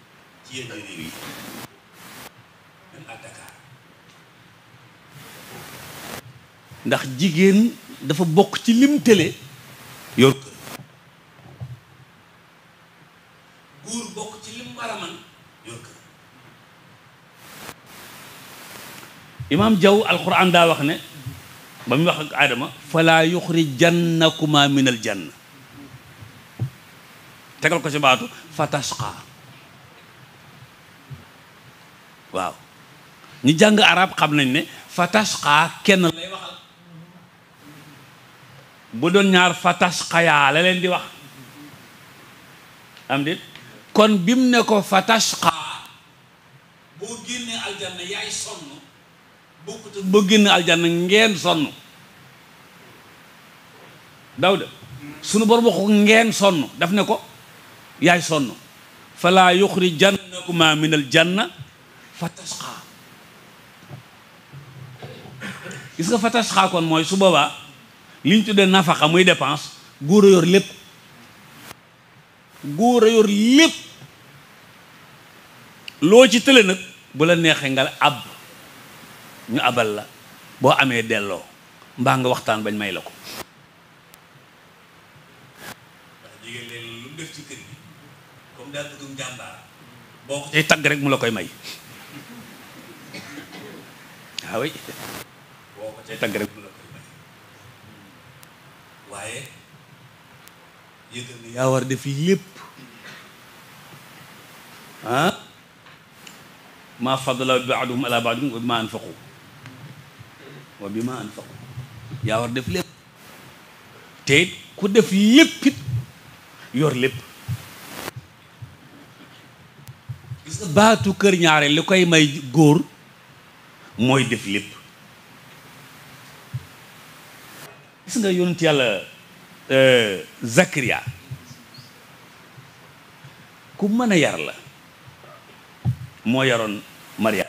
ndax jigéen dafa bokk ci lim télé yor kër ci lim war a man yor kër imaam Jaw alquran daa wax ne ba mu wax ak Aadama falaa yuxrijannakuma minal janna tegal ko ci baatu fatasqa waaw ñu jàng arab xam nañ ne fatasqa kenn bu doon ñaar fatasqa la leen di wax am dit kon bi mu ne ko fatasqa boo génnee aljanna yaay sonn bokkut boo génne aljanna ngeen sunu bor waxu ngeen sonn def ne ko yaay sonn falaa yuxrijannakuma min al janna fa tasxaa gis nga fa tasxaa kon mooy su boobaa li ñu tuddee nafaqa muy dépense góor yor lépp loo ci tële nag bu la neexee nga ab ñu abal la boo amee delloo mbaa nga waxtaan bañ may la ko. daa koy may waaw ah boo ko ci yaa war def lépp ah maa fadala baaduhum ala baadum wa bi ma anfaqu yaa war def lépp te ku def lépp it yor lépp baatu kër ñaare li koy may góor mooy def lépp gis nga yonent yàlla euh, Zakaria ku mën a yar la moo yaroon Maria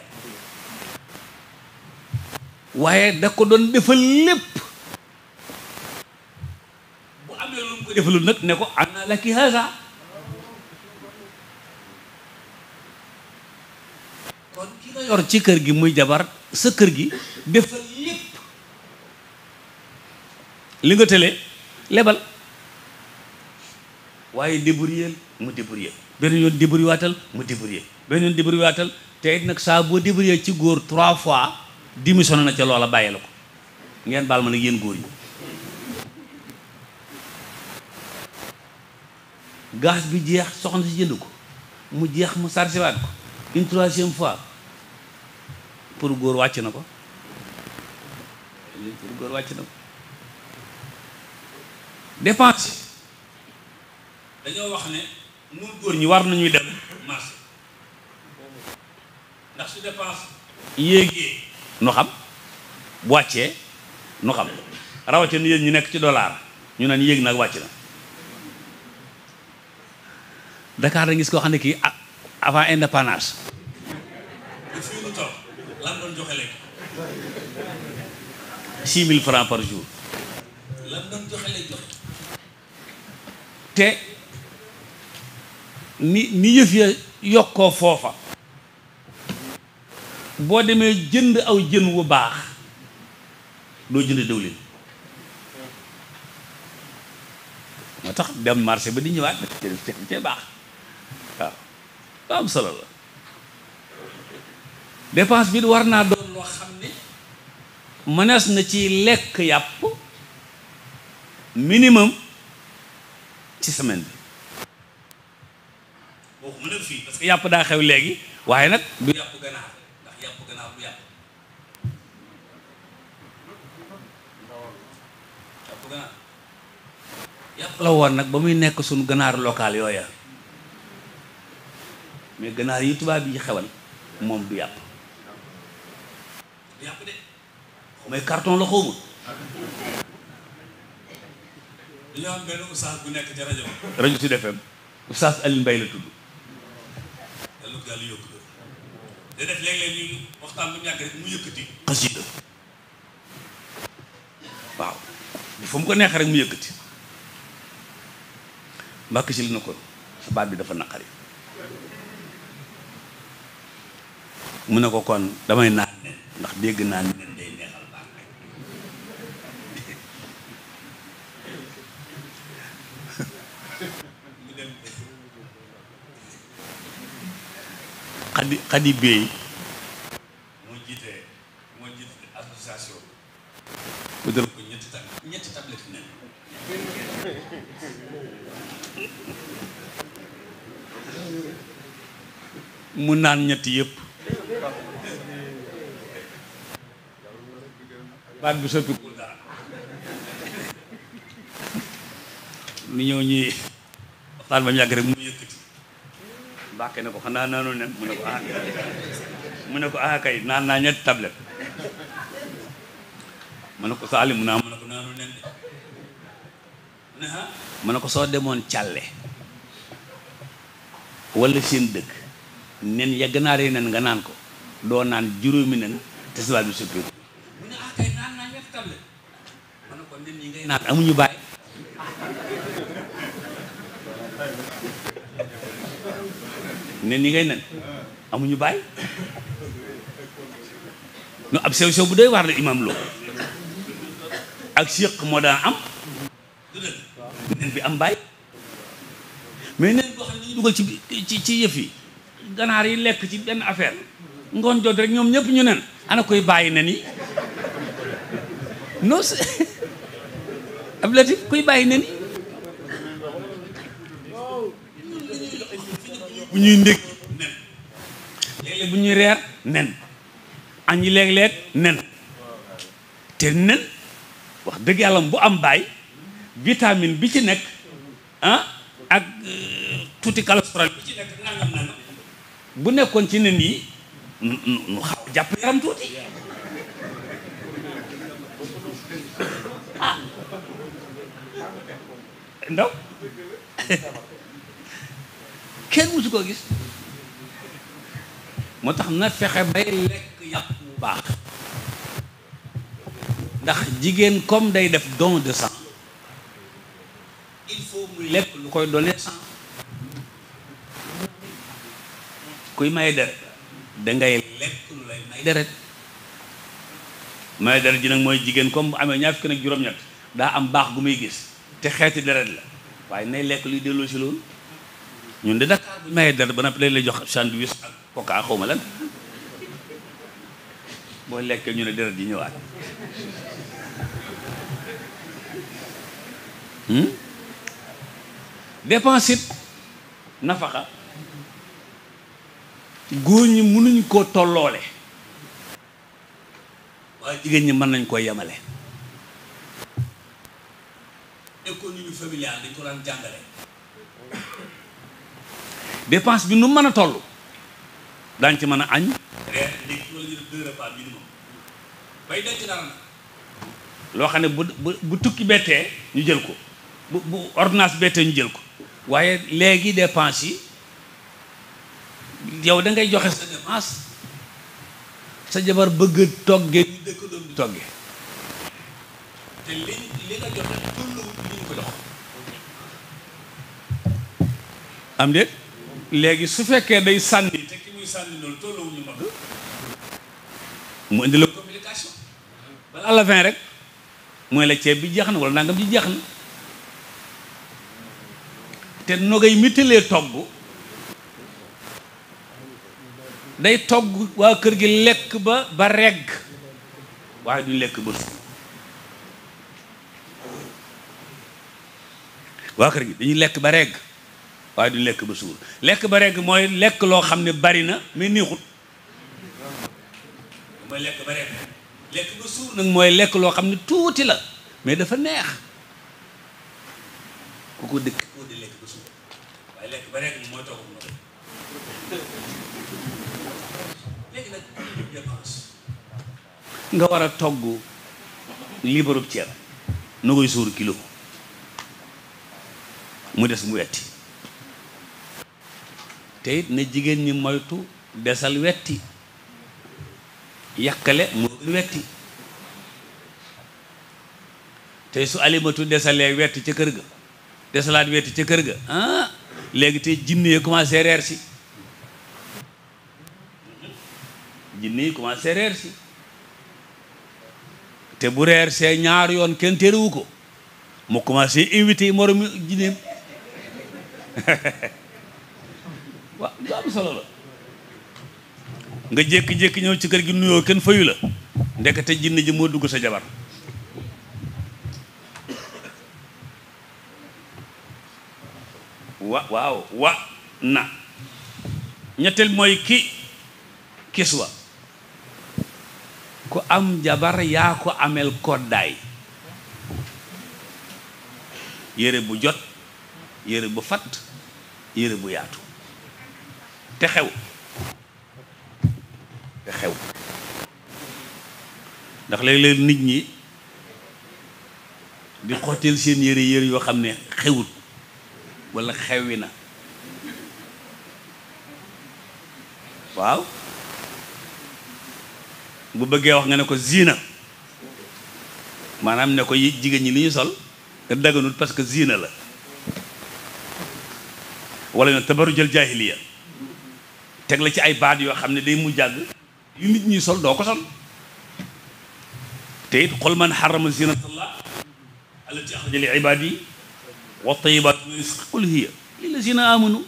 waaye da ko doon defal lépp bu amee lu mu ko defalul nag ne ko ana laki haza yor ci kër gi muy jabar sa kër gi defal lépp li nga tële lebal waaye débrouiller mu débrouiller benn yoon débrouiller mu débrouiller benn yoon débrouiller te it nag saa boo débrouiller ci góor trois fois démissionné na ca loola bàyyi la ko ngeen baal ma nag yéen góor yi gaz bi jeex soxna si jënd ko mu jeex mu sarsewaat ko une fois pour góor wàcc na ko góor wàcc na ko dépense dañoo wax ne nun góor ñi war nañuy dem marché ndax su dépense yéegee nu xam bu wàccee nu xam rawatina nu yéen ñu nekk ci dollar ñu naan yéeg nag wàcc na Dakar da gis koo xam ne kii ah, avant indépendance lan doon joxe lekk. 6000 francs par jour. te ni ni yëf ya yokkoo foofa. boo demee jënd aw jën wu baax doo jënd diwlin. moo tax dem marché ba di ñëwaat. jënd ceeb baax waaw am solo la. dépense bi war naa doon loo xam ne mënees na ci lekk yàpp minimum ci semaine bi boo yàpp daa xew léegi waaye nag bi yàpp ganaar yàpp la woon nag ba muy nekk suñu ganaar local yooya mais ganaar yi tubaab yi xewal moom du yàpp du yàpp la xawma bu nekk ca rajo rajo Sud FM oustaz Alioune Mbaye la tudd ko yàlla yokk da def léeg-léeg ñu waxtaan fa mu ko neex rek mu yëkkati mbàkk si li na ko sa baat bi dafa naqari mu ne ko kon damay naan ndax dégg naa ni leen day xadi xadi béy mu naan ñetti yëpp baat bi soppikul ñëw ñuy waxtaan ba mu yàgg rek mu yëkkati mbàkke ne ko xanaa naanu nen ah, mu ne ko ah kay naan naa ñetti tablette mu ne ko saali mu naa ah, mu ne ko naanu nen ah. mu ne ko soo demoon càlle wala seen dëkk nen ya ganaar yi nen nga naan ko doo naan juróomi nen te sibaat bi soppiku ngay naat amuñu bàyyi nen yi ngay nen amuñu bàyyi no ab sew sew bu doy waar la imaam loo ak siq moo daan am nen bi am bàyyi mais nen boo xam ne dugal ci ci ci yëf yi ganaar yi lekk ci benn affaire ngoon jot rek ñoom ñëpp ñu nen ana koy bàyyi nen yi non Abdou Latif kuy bàyyi nen yi bu ñuy ndékk nen léeg bu ñuy reer nen añ yi léeg-léeg nen te nen wax dëgg yàlla bu am baay vitamine bi ci nekk ah, ak euh, tuuti cholestérol bu nekkoon ci nen yi nu xaw jàpp yaram tuuti ndaw kenn musu ko gis moo tax na fexe bay lekk yàpp bu baax ndax jigéen comme day def don de sang lekk lu koy donner sang kuy may deret dangay lekk lu lay may deret may deret ji nag mooy jigéen comme bu amee ñaar fukki nag juróom-ñett daa am baax gu muy gis te xeeti deret la waaye nay lekk luy delloo si loolu ñun de Dakar bu ñu deret ba noppi dañ lay jox sandwich ak coca xaw ma lan boo lekkee ñu ne deret yi ñëwaat. Hmm? dépense it nafaxa góor ñi mënuñ koo tolloole waaye jigéen ñi mën nañ koo yemale économie dañ ko daan jàngale dépense bi nu mën a toll daañ ci mën a añ loo xam ne bu bu tukki bettee ñu jël ko bu bu ordonnance bettee ñu jël ko waaye léegi dépense yi yow dangay joxe sa dépense sa jabar bëgg toggee ñu dëkk doom te li li am déet léegi su fekkee day sànni te ki muy sànni mu indi la communication rek mooy la ceeb bi jeex na wala nangam ji jeex na te nogay mitalee togg day togg waa kër gi lekk ba ba regg waaye duñ lekk ba waa kër gi dañuy lekk ba regg waaye duñ lekk ba suur lekk ba regg mooy lekk loo xam ne bari na mais mooy lekk nag mooy lekk loo xam ne tuuti la mais dafa neex ku ko dëkk nga war a togg liibarub ceeb nu koy suur kilo mu des mu wetti te it jigéen ñi moytu desal wetti yàqale mu wetti tey su alimatu desalee wetti ca kër ga desalaat wetti ca kër ga ah léegi te jinne yi commencé reer si jinne yi commencé reer si te bu reer see ñaar yoon kenn terewu ko mu commencé invité moromu jinneem waaw lu am solo la nga jékki-jékki ñëw ci kër gi nuyoo kenn fayu la ndekete jinn ji moo dugg sa jabar wa wa na ñetteel mooy ki kiswa ku am jabar yaa ko amel koddaay yére bu jot yére bu fatt yére bu yaatu te xew te xew ndax léeg leen nit ñi di xotteel seen yére yére yoo xam ne xewut walla xewwi na waaw bu bëggee wax nga ne ko ziina maanaam ne ko jigéen ñi li ñu sol te daganut parce que ziina la wala yoon tabarujal jaahiliya teg la ci ay baat yoo xam ne day mu jàgg yu nit ñi sol doo sol te it xol man xarama zinatallah allati axraja li ibaadi wa tayibaat min risq qul hiya lillazina amanu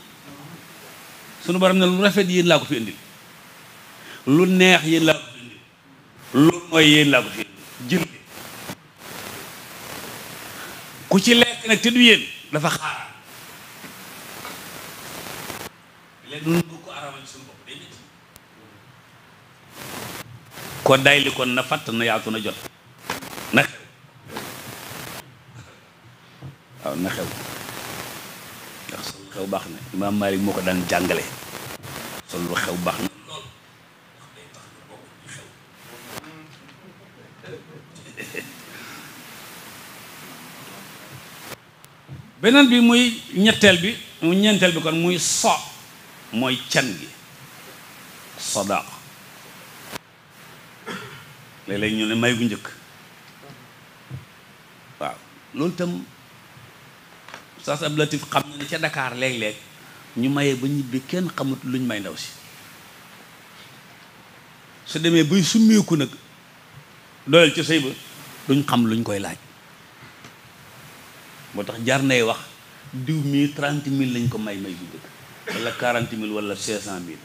lu rafet yin laa fi indil lu neex yéen laa fi indil lu mooy yéen laa fi indil jël ku ci lekk nag te du dafa xaar léegi nun bëgg li kon na fàtt na yaatu na jot na xew na xew ndax sol xew baax na imaam Maalik moo ko daan jàngale sol xew baax na beneen bi muy ñetteel bi mu ñeenteel bi kon muy so mooy can gi sadaq léeg-léeg ñu ne may gu njëkk waaw loolu itam sas ab latif xam ne ca ndakaar léeg-léeg ñu mayee ba ñibbi kenn xamut luñ may ndaw si su demee buy summeeku nag doyal ca sëy ba duñ xam luñ koy laaj moo tax jar nay wax diw mii trente mille lañ ko may may bu njëkk wala quarante mille wala cinq cent mille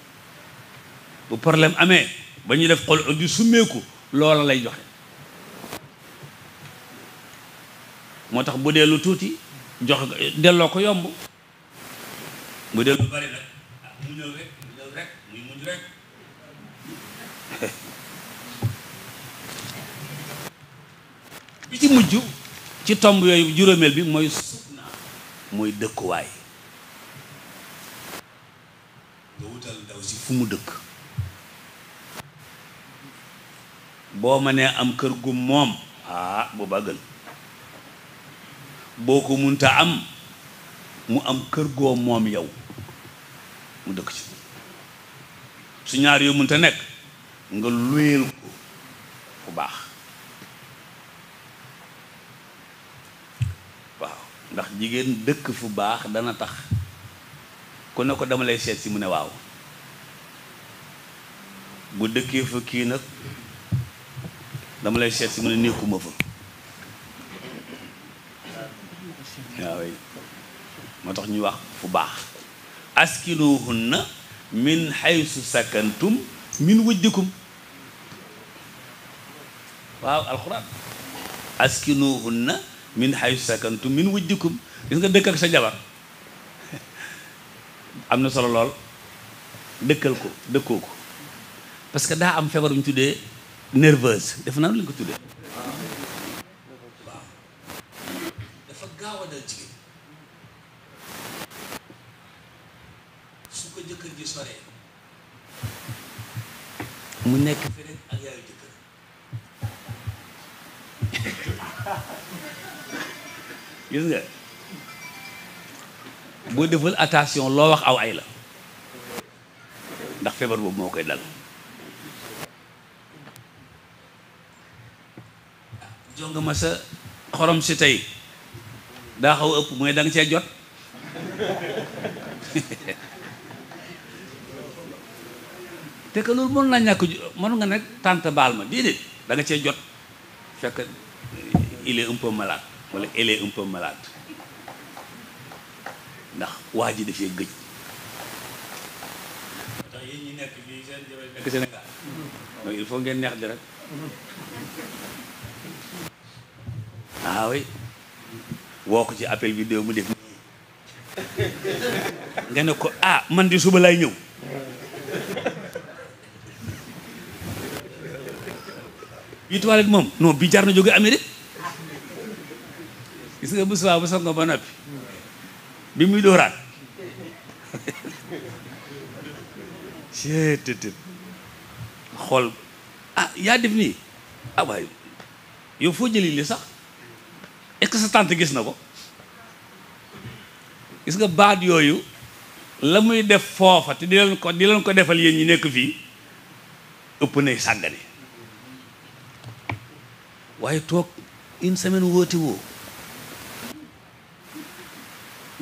bu problème amee ba ñu def xol di summeeku loola lay joxe moo tax bu dee lu tuuti joxe delloo ko yomb bu dee lu bari nag ah, mu bi ci mujj ci tomb yooyu juróomeel bi mooy sukna mooy dëkkuwaay nga wutal ndaw si fu mu dëkk boo mënee am kër gu moom ah boobaa gën boo ko munta am mu am kër goo moom yow mu dëkk ci su ñaar yoo munta nekk nga luyeel ko bu baax waaw ndax jigéen dëkk fu baax dana tax ku ne ko dama lay seet si mu ne waaw bu dëkkee fa kii nag dama lay seet si mu ne nekkuma fa waaw moo tax ñuy wax fu baax askinuhunna min xaysu sakantum min wujdikum waaw alxuraan askinuhunna min xaysu sakantum min wujdikum gis nga dëkk ak sa jabar am na solo lool dëkkal ko dëkkoo ko parce que daa am feebar bu ñu tuddee nerveuse def naa lu ñu ko tuddee. dafa gaaw a dal jigéen ko jëkkër ji mu nekk feneen ak yaayu jëkkër gis nga. boo deful attention loo wax aw ay la ndax feebar boobu moo koy dal jonga ma sa xorom si tey daa xaw ëpp mooy danga cee jot te que loolu mën naa ñàkk mën nga nag tànt baal ma déedéet danga cee jot fekk il est un peu malade wala elle est un ndax waa ji dafee gëj. il faut ngeen neex di rek. ah oui woo ko ci appel vidéo mu def. nga ne ko ah man di suba lay ñëw. yu toilette moom non bi jar na jóge Amérique gis bu subaa bu soog nga ba noppi. bi muy dóoraat cetëtët xool ah yaa def nii ah waaye yow foo jëli li sax est-ce sa tante gis na ko gis nga baat yooyu la muy def foofa te di leen ko di leen ko defal yéen ñi nekk fii ëpp nay sàggane waaye toog une semaine wóoti woo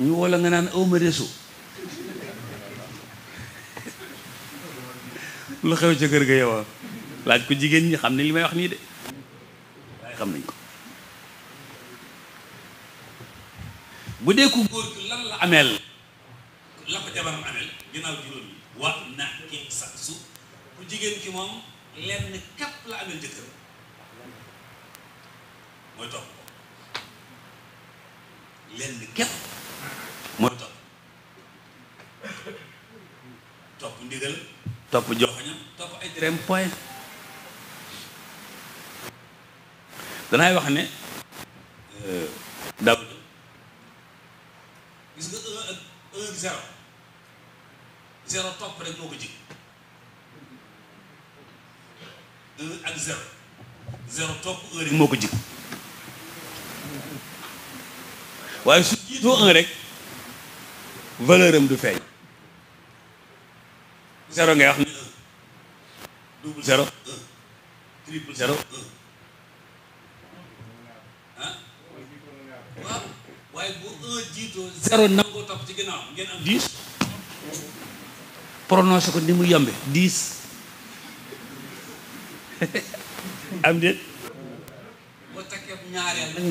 ñu wala nga naan awma réseau lu xew ca kër ga yow ah. laaj ko jigéen ñi xam ne li may wax nii de nañ ko bu dee ku góor gi lan la ameel la ko jabaram ameel ginnaaw juróom yi wa na ki sax su ku jigéen ki moom lenn képp la ameel jëkkër lenn képp mooy topp topp ndigal topp joxoñam danaay wax ne euh, Daawuda gis nga rek moo ko jig un ak moo ko jig waaye su jiitoo un rek valeur du feeñ zéro ngay wax ni double zéro triple zéro waaw ci ginnaaw ngeen am dix prononcé ko ni mu yombe dix am déet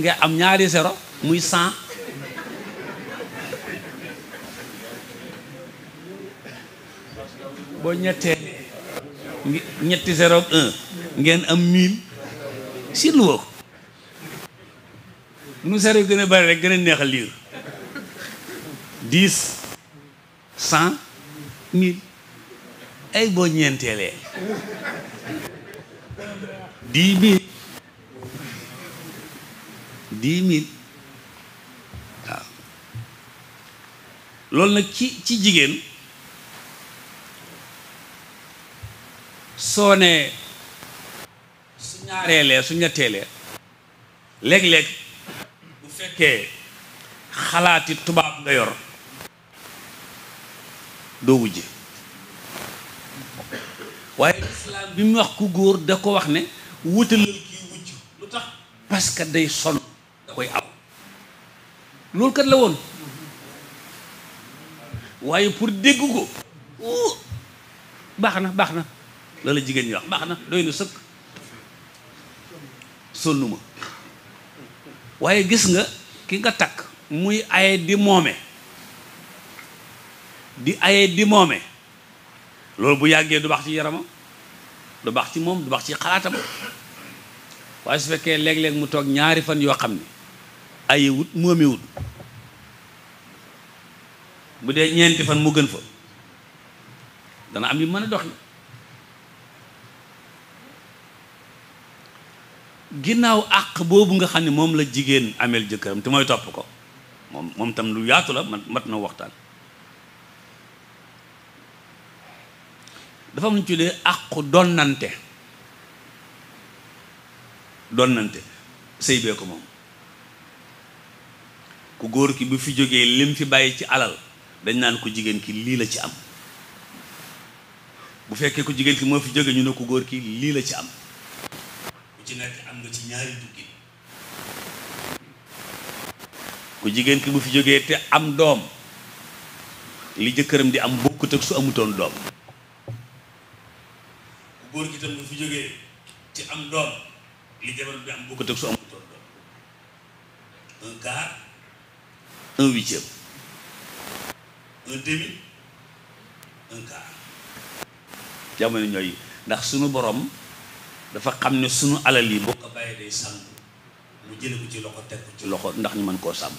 nga am ñaari zéro muy cent boo ñettee ñetti zéro ak ngeen am mille si lu woo nu zéro gën a bari rek gën a neex a liir dix cent mille ay boo ñeenteelee dix mille dix mille waaw nag ci ci jigéen soo nee su ñaareelee su ñetteelee léeg-léeg bu fekkee xalaati tubaab nga yor doo wujje waaye bi mu wax ku góor da ko wax ne wutalal kii wujj lu tax parce que day sonn da koy am loolu kat la woon waaye pour dégg ko baax na baax na loolu jigéen ñi wax baax na doy na sëkk sonn waaye gis nga ki nga takk muy aye di moome di aye di moome loolu bu yàggee du baax ci yaramam du baax ci moom du baax ci xalaatam waaye su fekkee léeg-léeg mu toog ñaari fan yoo xam ne aye wut moome wut bu dee ñeenti fan mu gën fa dana am yu mën a dox ginnaaw àq boobu nga xam ne moom la jigéen ameel jëkkëram te mooy topp ko moom moom tam lu yaatu la mat na waxtaan dafa am lu àqu donnante donnante sëy bee ko moom ku góor ki bu fi jógee lim fi bàyyi ci alal dañ naan ko jigéen ki lii la ci am bu fekkee ko jigéen ki moo fi jógee ñu ne ku góor ki lii la ci am ci nekk am nga ci ñaari duggi ku jigéen ki bu fi jógee te am doom li jëkkëram di am bokkut ak su amutoon doom ku góor gi tam bu fi jógee te am doom li jabaram di am bokkut ak su amutoon doom un quart un huitième un demi un quart jamono ñooy ndax sunu boroom dafa xam ne sunu alal yi boo ko bàyyee sàmm mu jële ko ci loxo teg ci loxo ndax ñu man koo sàmm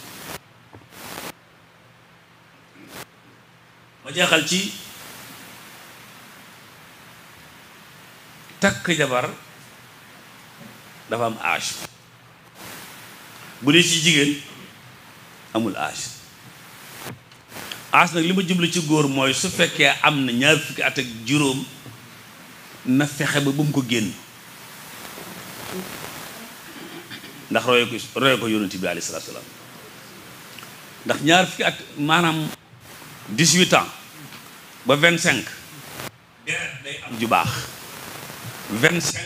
ma jeexal ci takk jabar dafa am âge bu dee ci jigéen amul âge âge nag li ma jublu ci góor mooy su fekkee am na ñaar fukki at ak juróom na fexe ba bu mu ko génn ndax roye ko roye ko yonent ñaar fukki at maanaam dix-huit ans ba vingt-cinq deret am ju baax vingt-cinq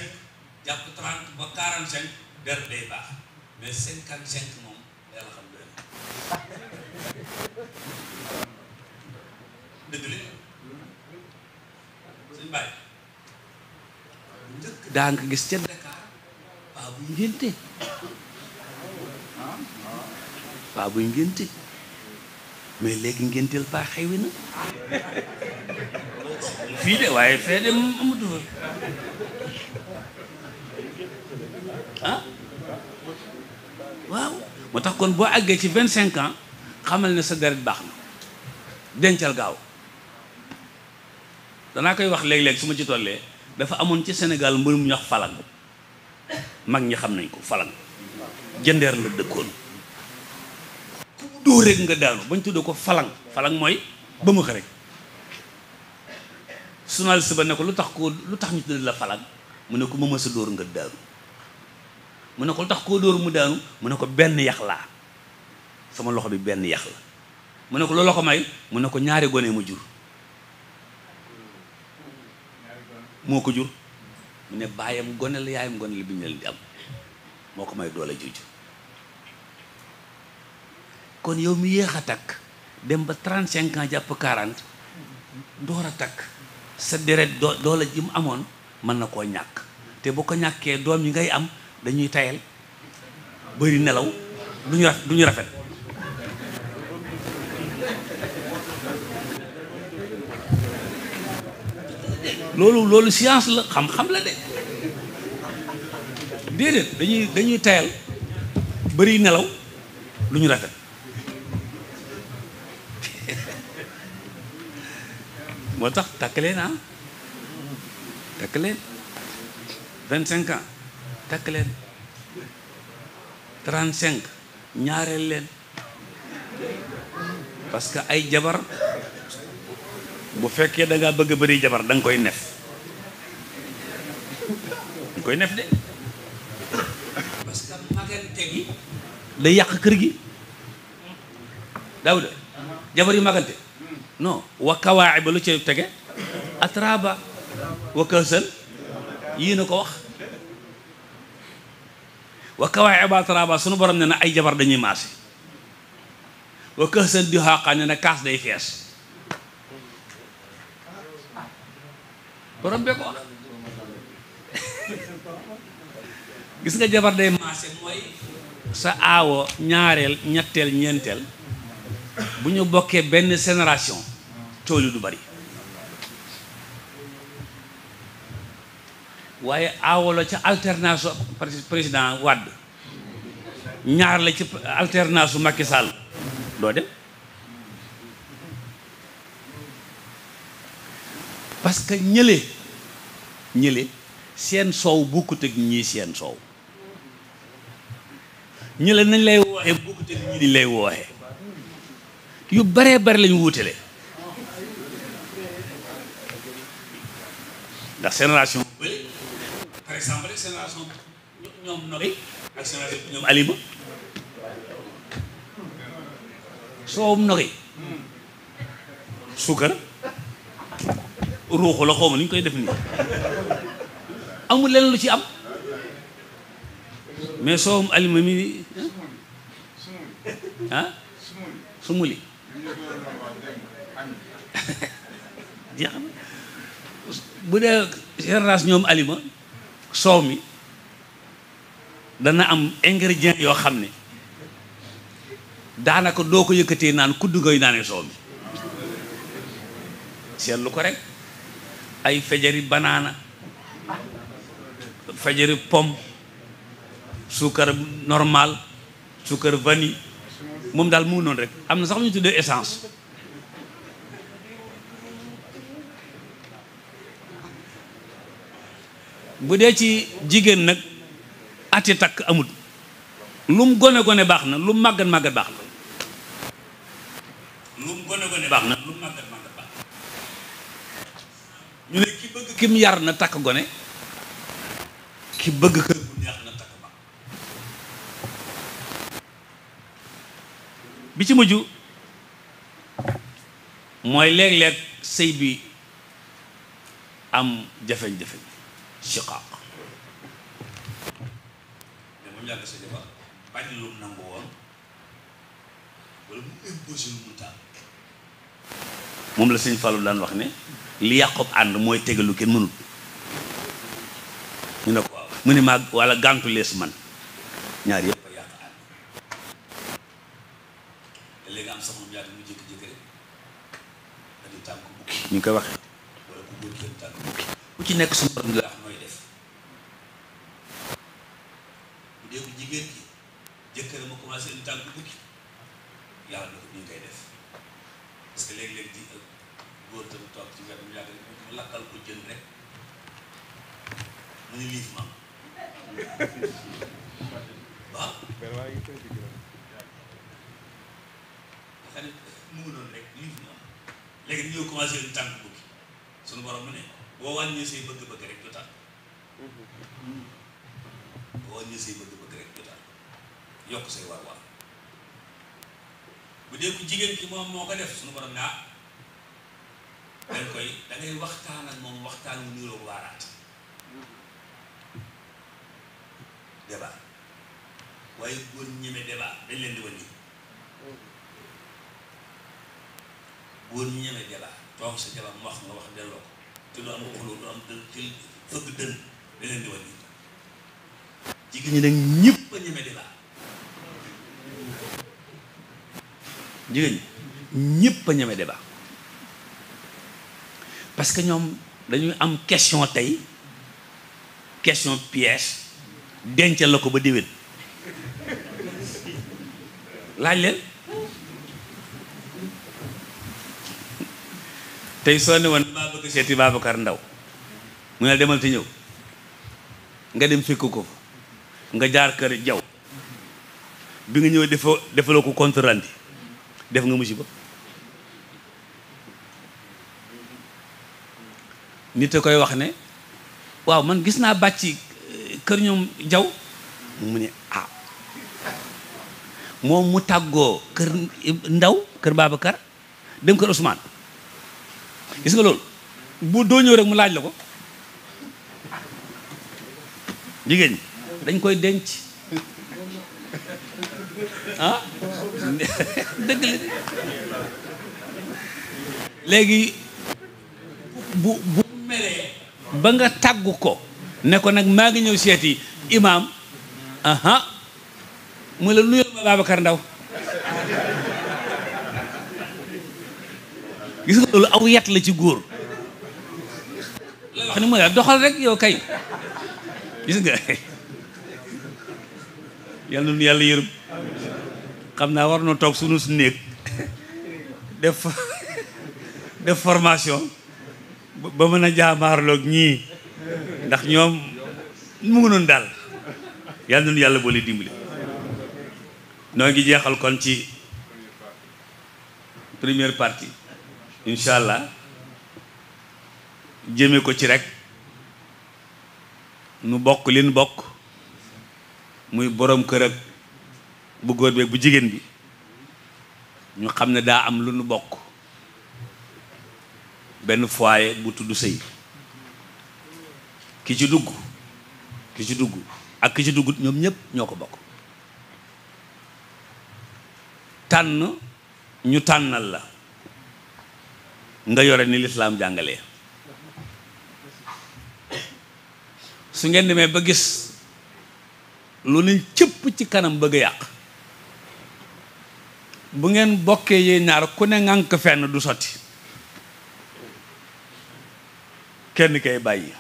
jàpp trente ba quarante-cinq deret baax moom daa nga gis ca paa buy ngénte paa buy ngénte mais léegi ngénteel paa xewi na fii de waaye fee de moom amatu ah waaw moo tax kon boo àggee ci vingt cinq ans xamal ne sa deret baax na dencal gaaw danaa koy wax léeg-léeg su ma ci tollee dafa amoon ci Sénégal mbër mu ñox falang mag ñi xam nañ ko falang jëndeer la dëkkoon doo rek nga daanu bañ tuddee ko falan falang mooy ba mu rek journaliste ba ne ko lu tax koo lu tax ñu tuddee la falang mu ne ko ma mësa dóor nga daanu mu ne ko lu tax koo dóor mu daanu mu ne ko benn yax laa sama loxo bi benn yax la mu ne ko loolu loxo may mu ne ko ñaari gone ma jur moo ko jur mu ne baayam gone la yaayam gone la bi ñu leen di am moo ko may doole juju kon yow mi yéex a takk dem ba trente cinq ans jàpp quarante door a takk sa deret doo doole ji mu amoon mën na koo ñàkk te boo ko ñàkkee doom yi ngay am dañuy tayal bëri nelaw duñu rafet duñu rafet loolu loolu science la xam-xam la de déedéet dañuy dañuy tayal bëri nelaw lu ñu rafet moo tax takk leen ah takk cinq ans trente cinq ñaareel leen parce que ay jabar bu fekkee da ngaa bëgg a bëri jabar da koy nef nga koy nef de magante gi day yàq kër gi daawuda jabar yu magante non wa kawaayi ba lu ci tege atraba wa kësal yii na ko wax wa kawaayi ba atraba sunu borom ne na ay jabar dañuy maase wa kësal di xaqaa ne na kaas day fees borom bee ko wax gis nga jabar day maase mooy sa aawo ñaareel ñetteel ñeenteel bu ñu bokkee benn génération coow li du bari waaye aawo la ca alternance président Wade ñaar la ci alternance su Macky Sall doo dem parce que ñële ñële seen soow bokkut ak ñii seen soow ñu la nañ lay wooxee bokkut ak ñu ni lay wooxee yu baree bari lañu wuutale ndax génération bu bëri par exemple génération ñoom Noé ak génération ñoom soowum Noé suukar ruuxu la xaw ma koy def nii amul leneen lu ci am mais soowum alima mi ah sumuli jeex bu dee génération ñoom alima soow mi dana am ingrédient yoo xam ne daanaka doo ko yëkkatee naan kudd ngay naane soow mi seetlu ko rek ay fejari banaana fejari pomme suukar normal suukar vanille moom daal mu noonu rek am na sax lu ñu tuddee essence bu dee ci jigéen nag ati takk amut lum gone gone baax na lum màggat màggat baax na lum gone gone baax na ñu ne ki bëgg kim yar na takk gone ki bëgg kër bi ci mujj mooy léeg-léeg sëy bi am jafeñ-jafeñ shiqaaq mais moom la sëñ Fallou daan wax ne li yàqob ànd mooy tegalu kenn mënut ñu ne ko mu ne maa wala gàntu lees man ñaar yëpp ñu koy wax ku ci nekk suñu borom la mooy def bu dee ko jigéen ki jëkkër ma commencé ñu tànk bukki yàlla na ko ñu koy def parce que léeg-léeg di ak góor tam toog ci wetam yàgg mu lakkal ko jën rek mu ni liif ma waaw dafa ne mu ngi noonu rek liif ma léegi dañoo commencé di tànk bukki suñu borom mu ne boo wàññee say bëgg-bëgg rek jotaat boo wàññee say bëgg-bëgg rek jotaat yokk say war-war bu dee ku jigéen ki moom moo ko def suñu borom ne ah dañ koy da ngay waxtaan ak moom waxtaan wu niroog waaraat débat waaye góor ñeme débat dañ leen di yi góor ñu ñeme jalaa toog sa jala mu wax nga wax delloo ko jigéen ñi nag ñëpp a ñeme jalaa jigéen ñi ñëpp ñeme débat parce que ñoom dañuy am question tey question piège dencal la ko ba déwén laaj leen tey soo ne woon maa bëgg seeti Babacar Ndaw mu ne demal te ñëw nga dem fekk ko fa nga jaar kër jaw bi nga ñëw defoo defaloo ko compte rendu def nga musiba nit a koy wax ne waaw man gis naa bàcci eh, kër ñoom jaw mu ne ah moom mu tàggoo kër ndaw kër Babacar dem kër Ousmane gis nga loolu bu doo ñëw rek mu laaj la ko jigéen dañ koy denc ah. léegi bu bu meree ba nga tàggu ko ne ko nag maa ngi ñëw seeti imaam mu la nuyul ma Ndaw gis nga yat la ci góor wax doxal rek yow kay gis nga yàlla nu yàlla yërëm xam naa war na toog sunu néeg def def formation ba mën a jaamaarlook ñii ndax ñoom mu ngi noonu daal yàlla nu yàlla boole dimbali noo ngi jeexal kon ci première partie incha allah jëme ko ci rek nu bokk li nu bokk muy boroom kër ak bu góor beeg bu jigéen bi ñu xam ne daa am lu nu bokk benn foyer bu tudd sëy ki ci dugg ki ci dugg ak ki ci dugg ñoom ñépp ñoo ko bokk tànn ñu tànnal la nga yore ni lislaam jàngale su ngeen demee ba gis lu ne cëpp ci kanam bëgg yàq bu ngeen bokkee yéen ñaar ku ne ngànk fenn du sotti kenn kay bàyyi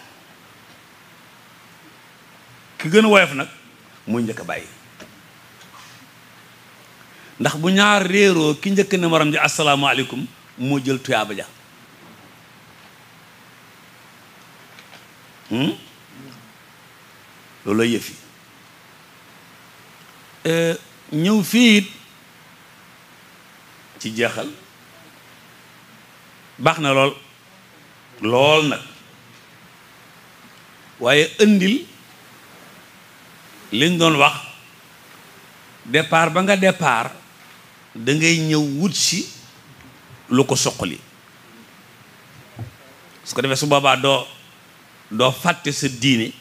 ki gën a woyof nag muy njëkk a bàyyi ndax bu ñaar réeroo ki njëkk ne morom ji asalaamaaleykum moo jël tuyaaba ja hmm? loolu la yëf eh, ñëw fii ci jeexal baax na lool lool nag waaye indil liñ doon wax départ ba nga départ da ngay ñëw wut si lu ko suqali su ko defee su boobaa doo doo fàtte sa diine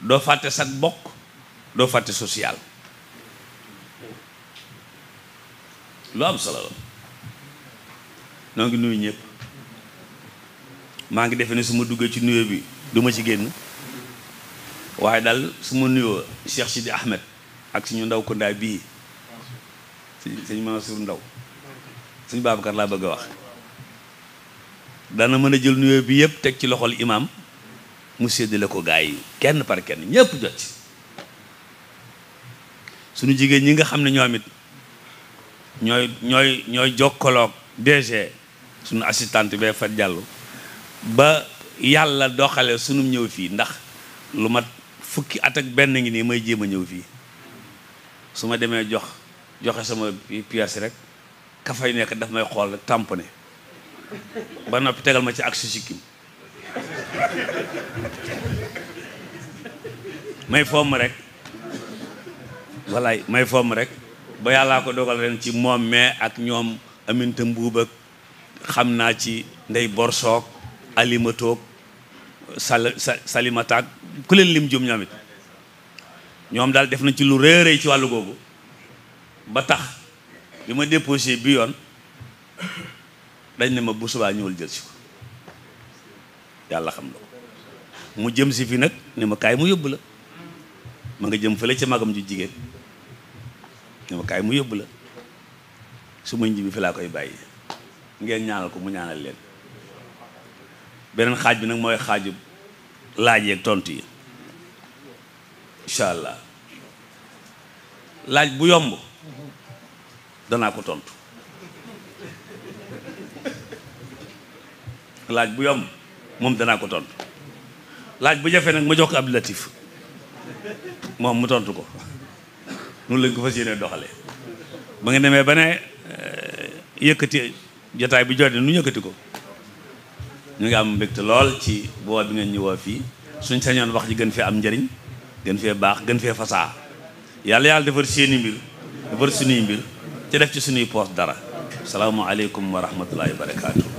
doo fàtte sa bokk doo fàtte social lu am solo la noo nuyu ñëpp maa ngi defe ne suma ma duggee ci nuyoo bi du ma ci génn waaye daal su ma nuyoo Cheikh Sidi Ahmed ak suñu ndaw ko ndaay bii sëñ Mansour Ndaw suñu Babacar laa bëgg a wax dana mën a jël nuyoo bi yëpp teg ci loxol imaam mu séddale ko gaa yi kenn par kenn ñëpp jot ci suñu jigéen ñi nga xam ne ñoom it ñooy ñooy ñooy jokkaloog DG suñu assistante bee Fat Diallo ba yàlla doxale suñu ñëw fii ndax lu mat fukki at ak benn ngi nii may jéem a ñëw fii su ma demee jox joxe sama pièce rek ka nekk daf may xool rek tamponné ba noppi tegal ma ci ak si sikkim may fomm rek walaay may fomm rek ba yàllaa ko dogal ren ci moom mais ak ñoom aminta mbuub xam naa ci ndey borsoog alimatoog sal salimataag ku leen lim jum ñoom ñoom daal def nañ ci lu réeréy ci wàllu googu ba tax bi ma déposé bi yoon dañ ne ma bu subaa ñëwal jël ko yàlla xam na ko mu jëm si fi nag ne ma kaay mu yóbbu la ma nga jëm fële ci magam ju jigéen ne ma kaay mu yóbbu la su ma nji bi fi laa koy bàyyi ngeen ñaanal ko mu ñaanal leen beneen xaaj bi nag mooy xaaju laaj yeeg tontu yi incha allah laaj bu yomb danaa ko tontu laaj bu yomb moom danaa ko tontu laaj bu jafe nag ma jox ko Abdou Latif moom mu tontu ko noonu lañ ko fas yéene doxale ba nga demee ba ne eh, yëkkati jotaay bi jotee nu yëkkati ko ñu ngi am mbégte lool ci boo bi ngeen ñëwa fii suñ sañoon wax ji gën fee am njëriñ gën fee baax gën fee fasaa yàlla yàlla defar seeni mbir defar suñuy mbir ci def ci suñuy poos dara salaamualeykum wa rahmatullahi wa barakaatu.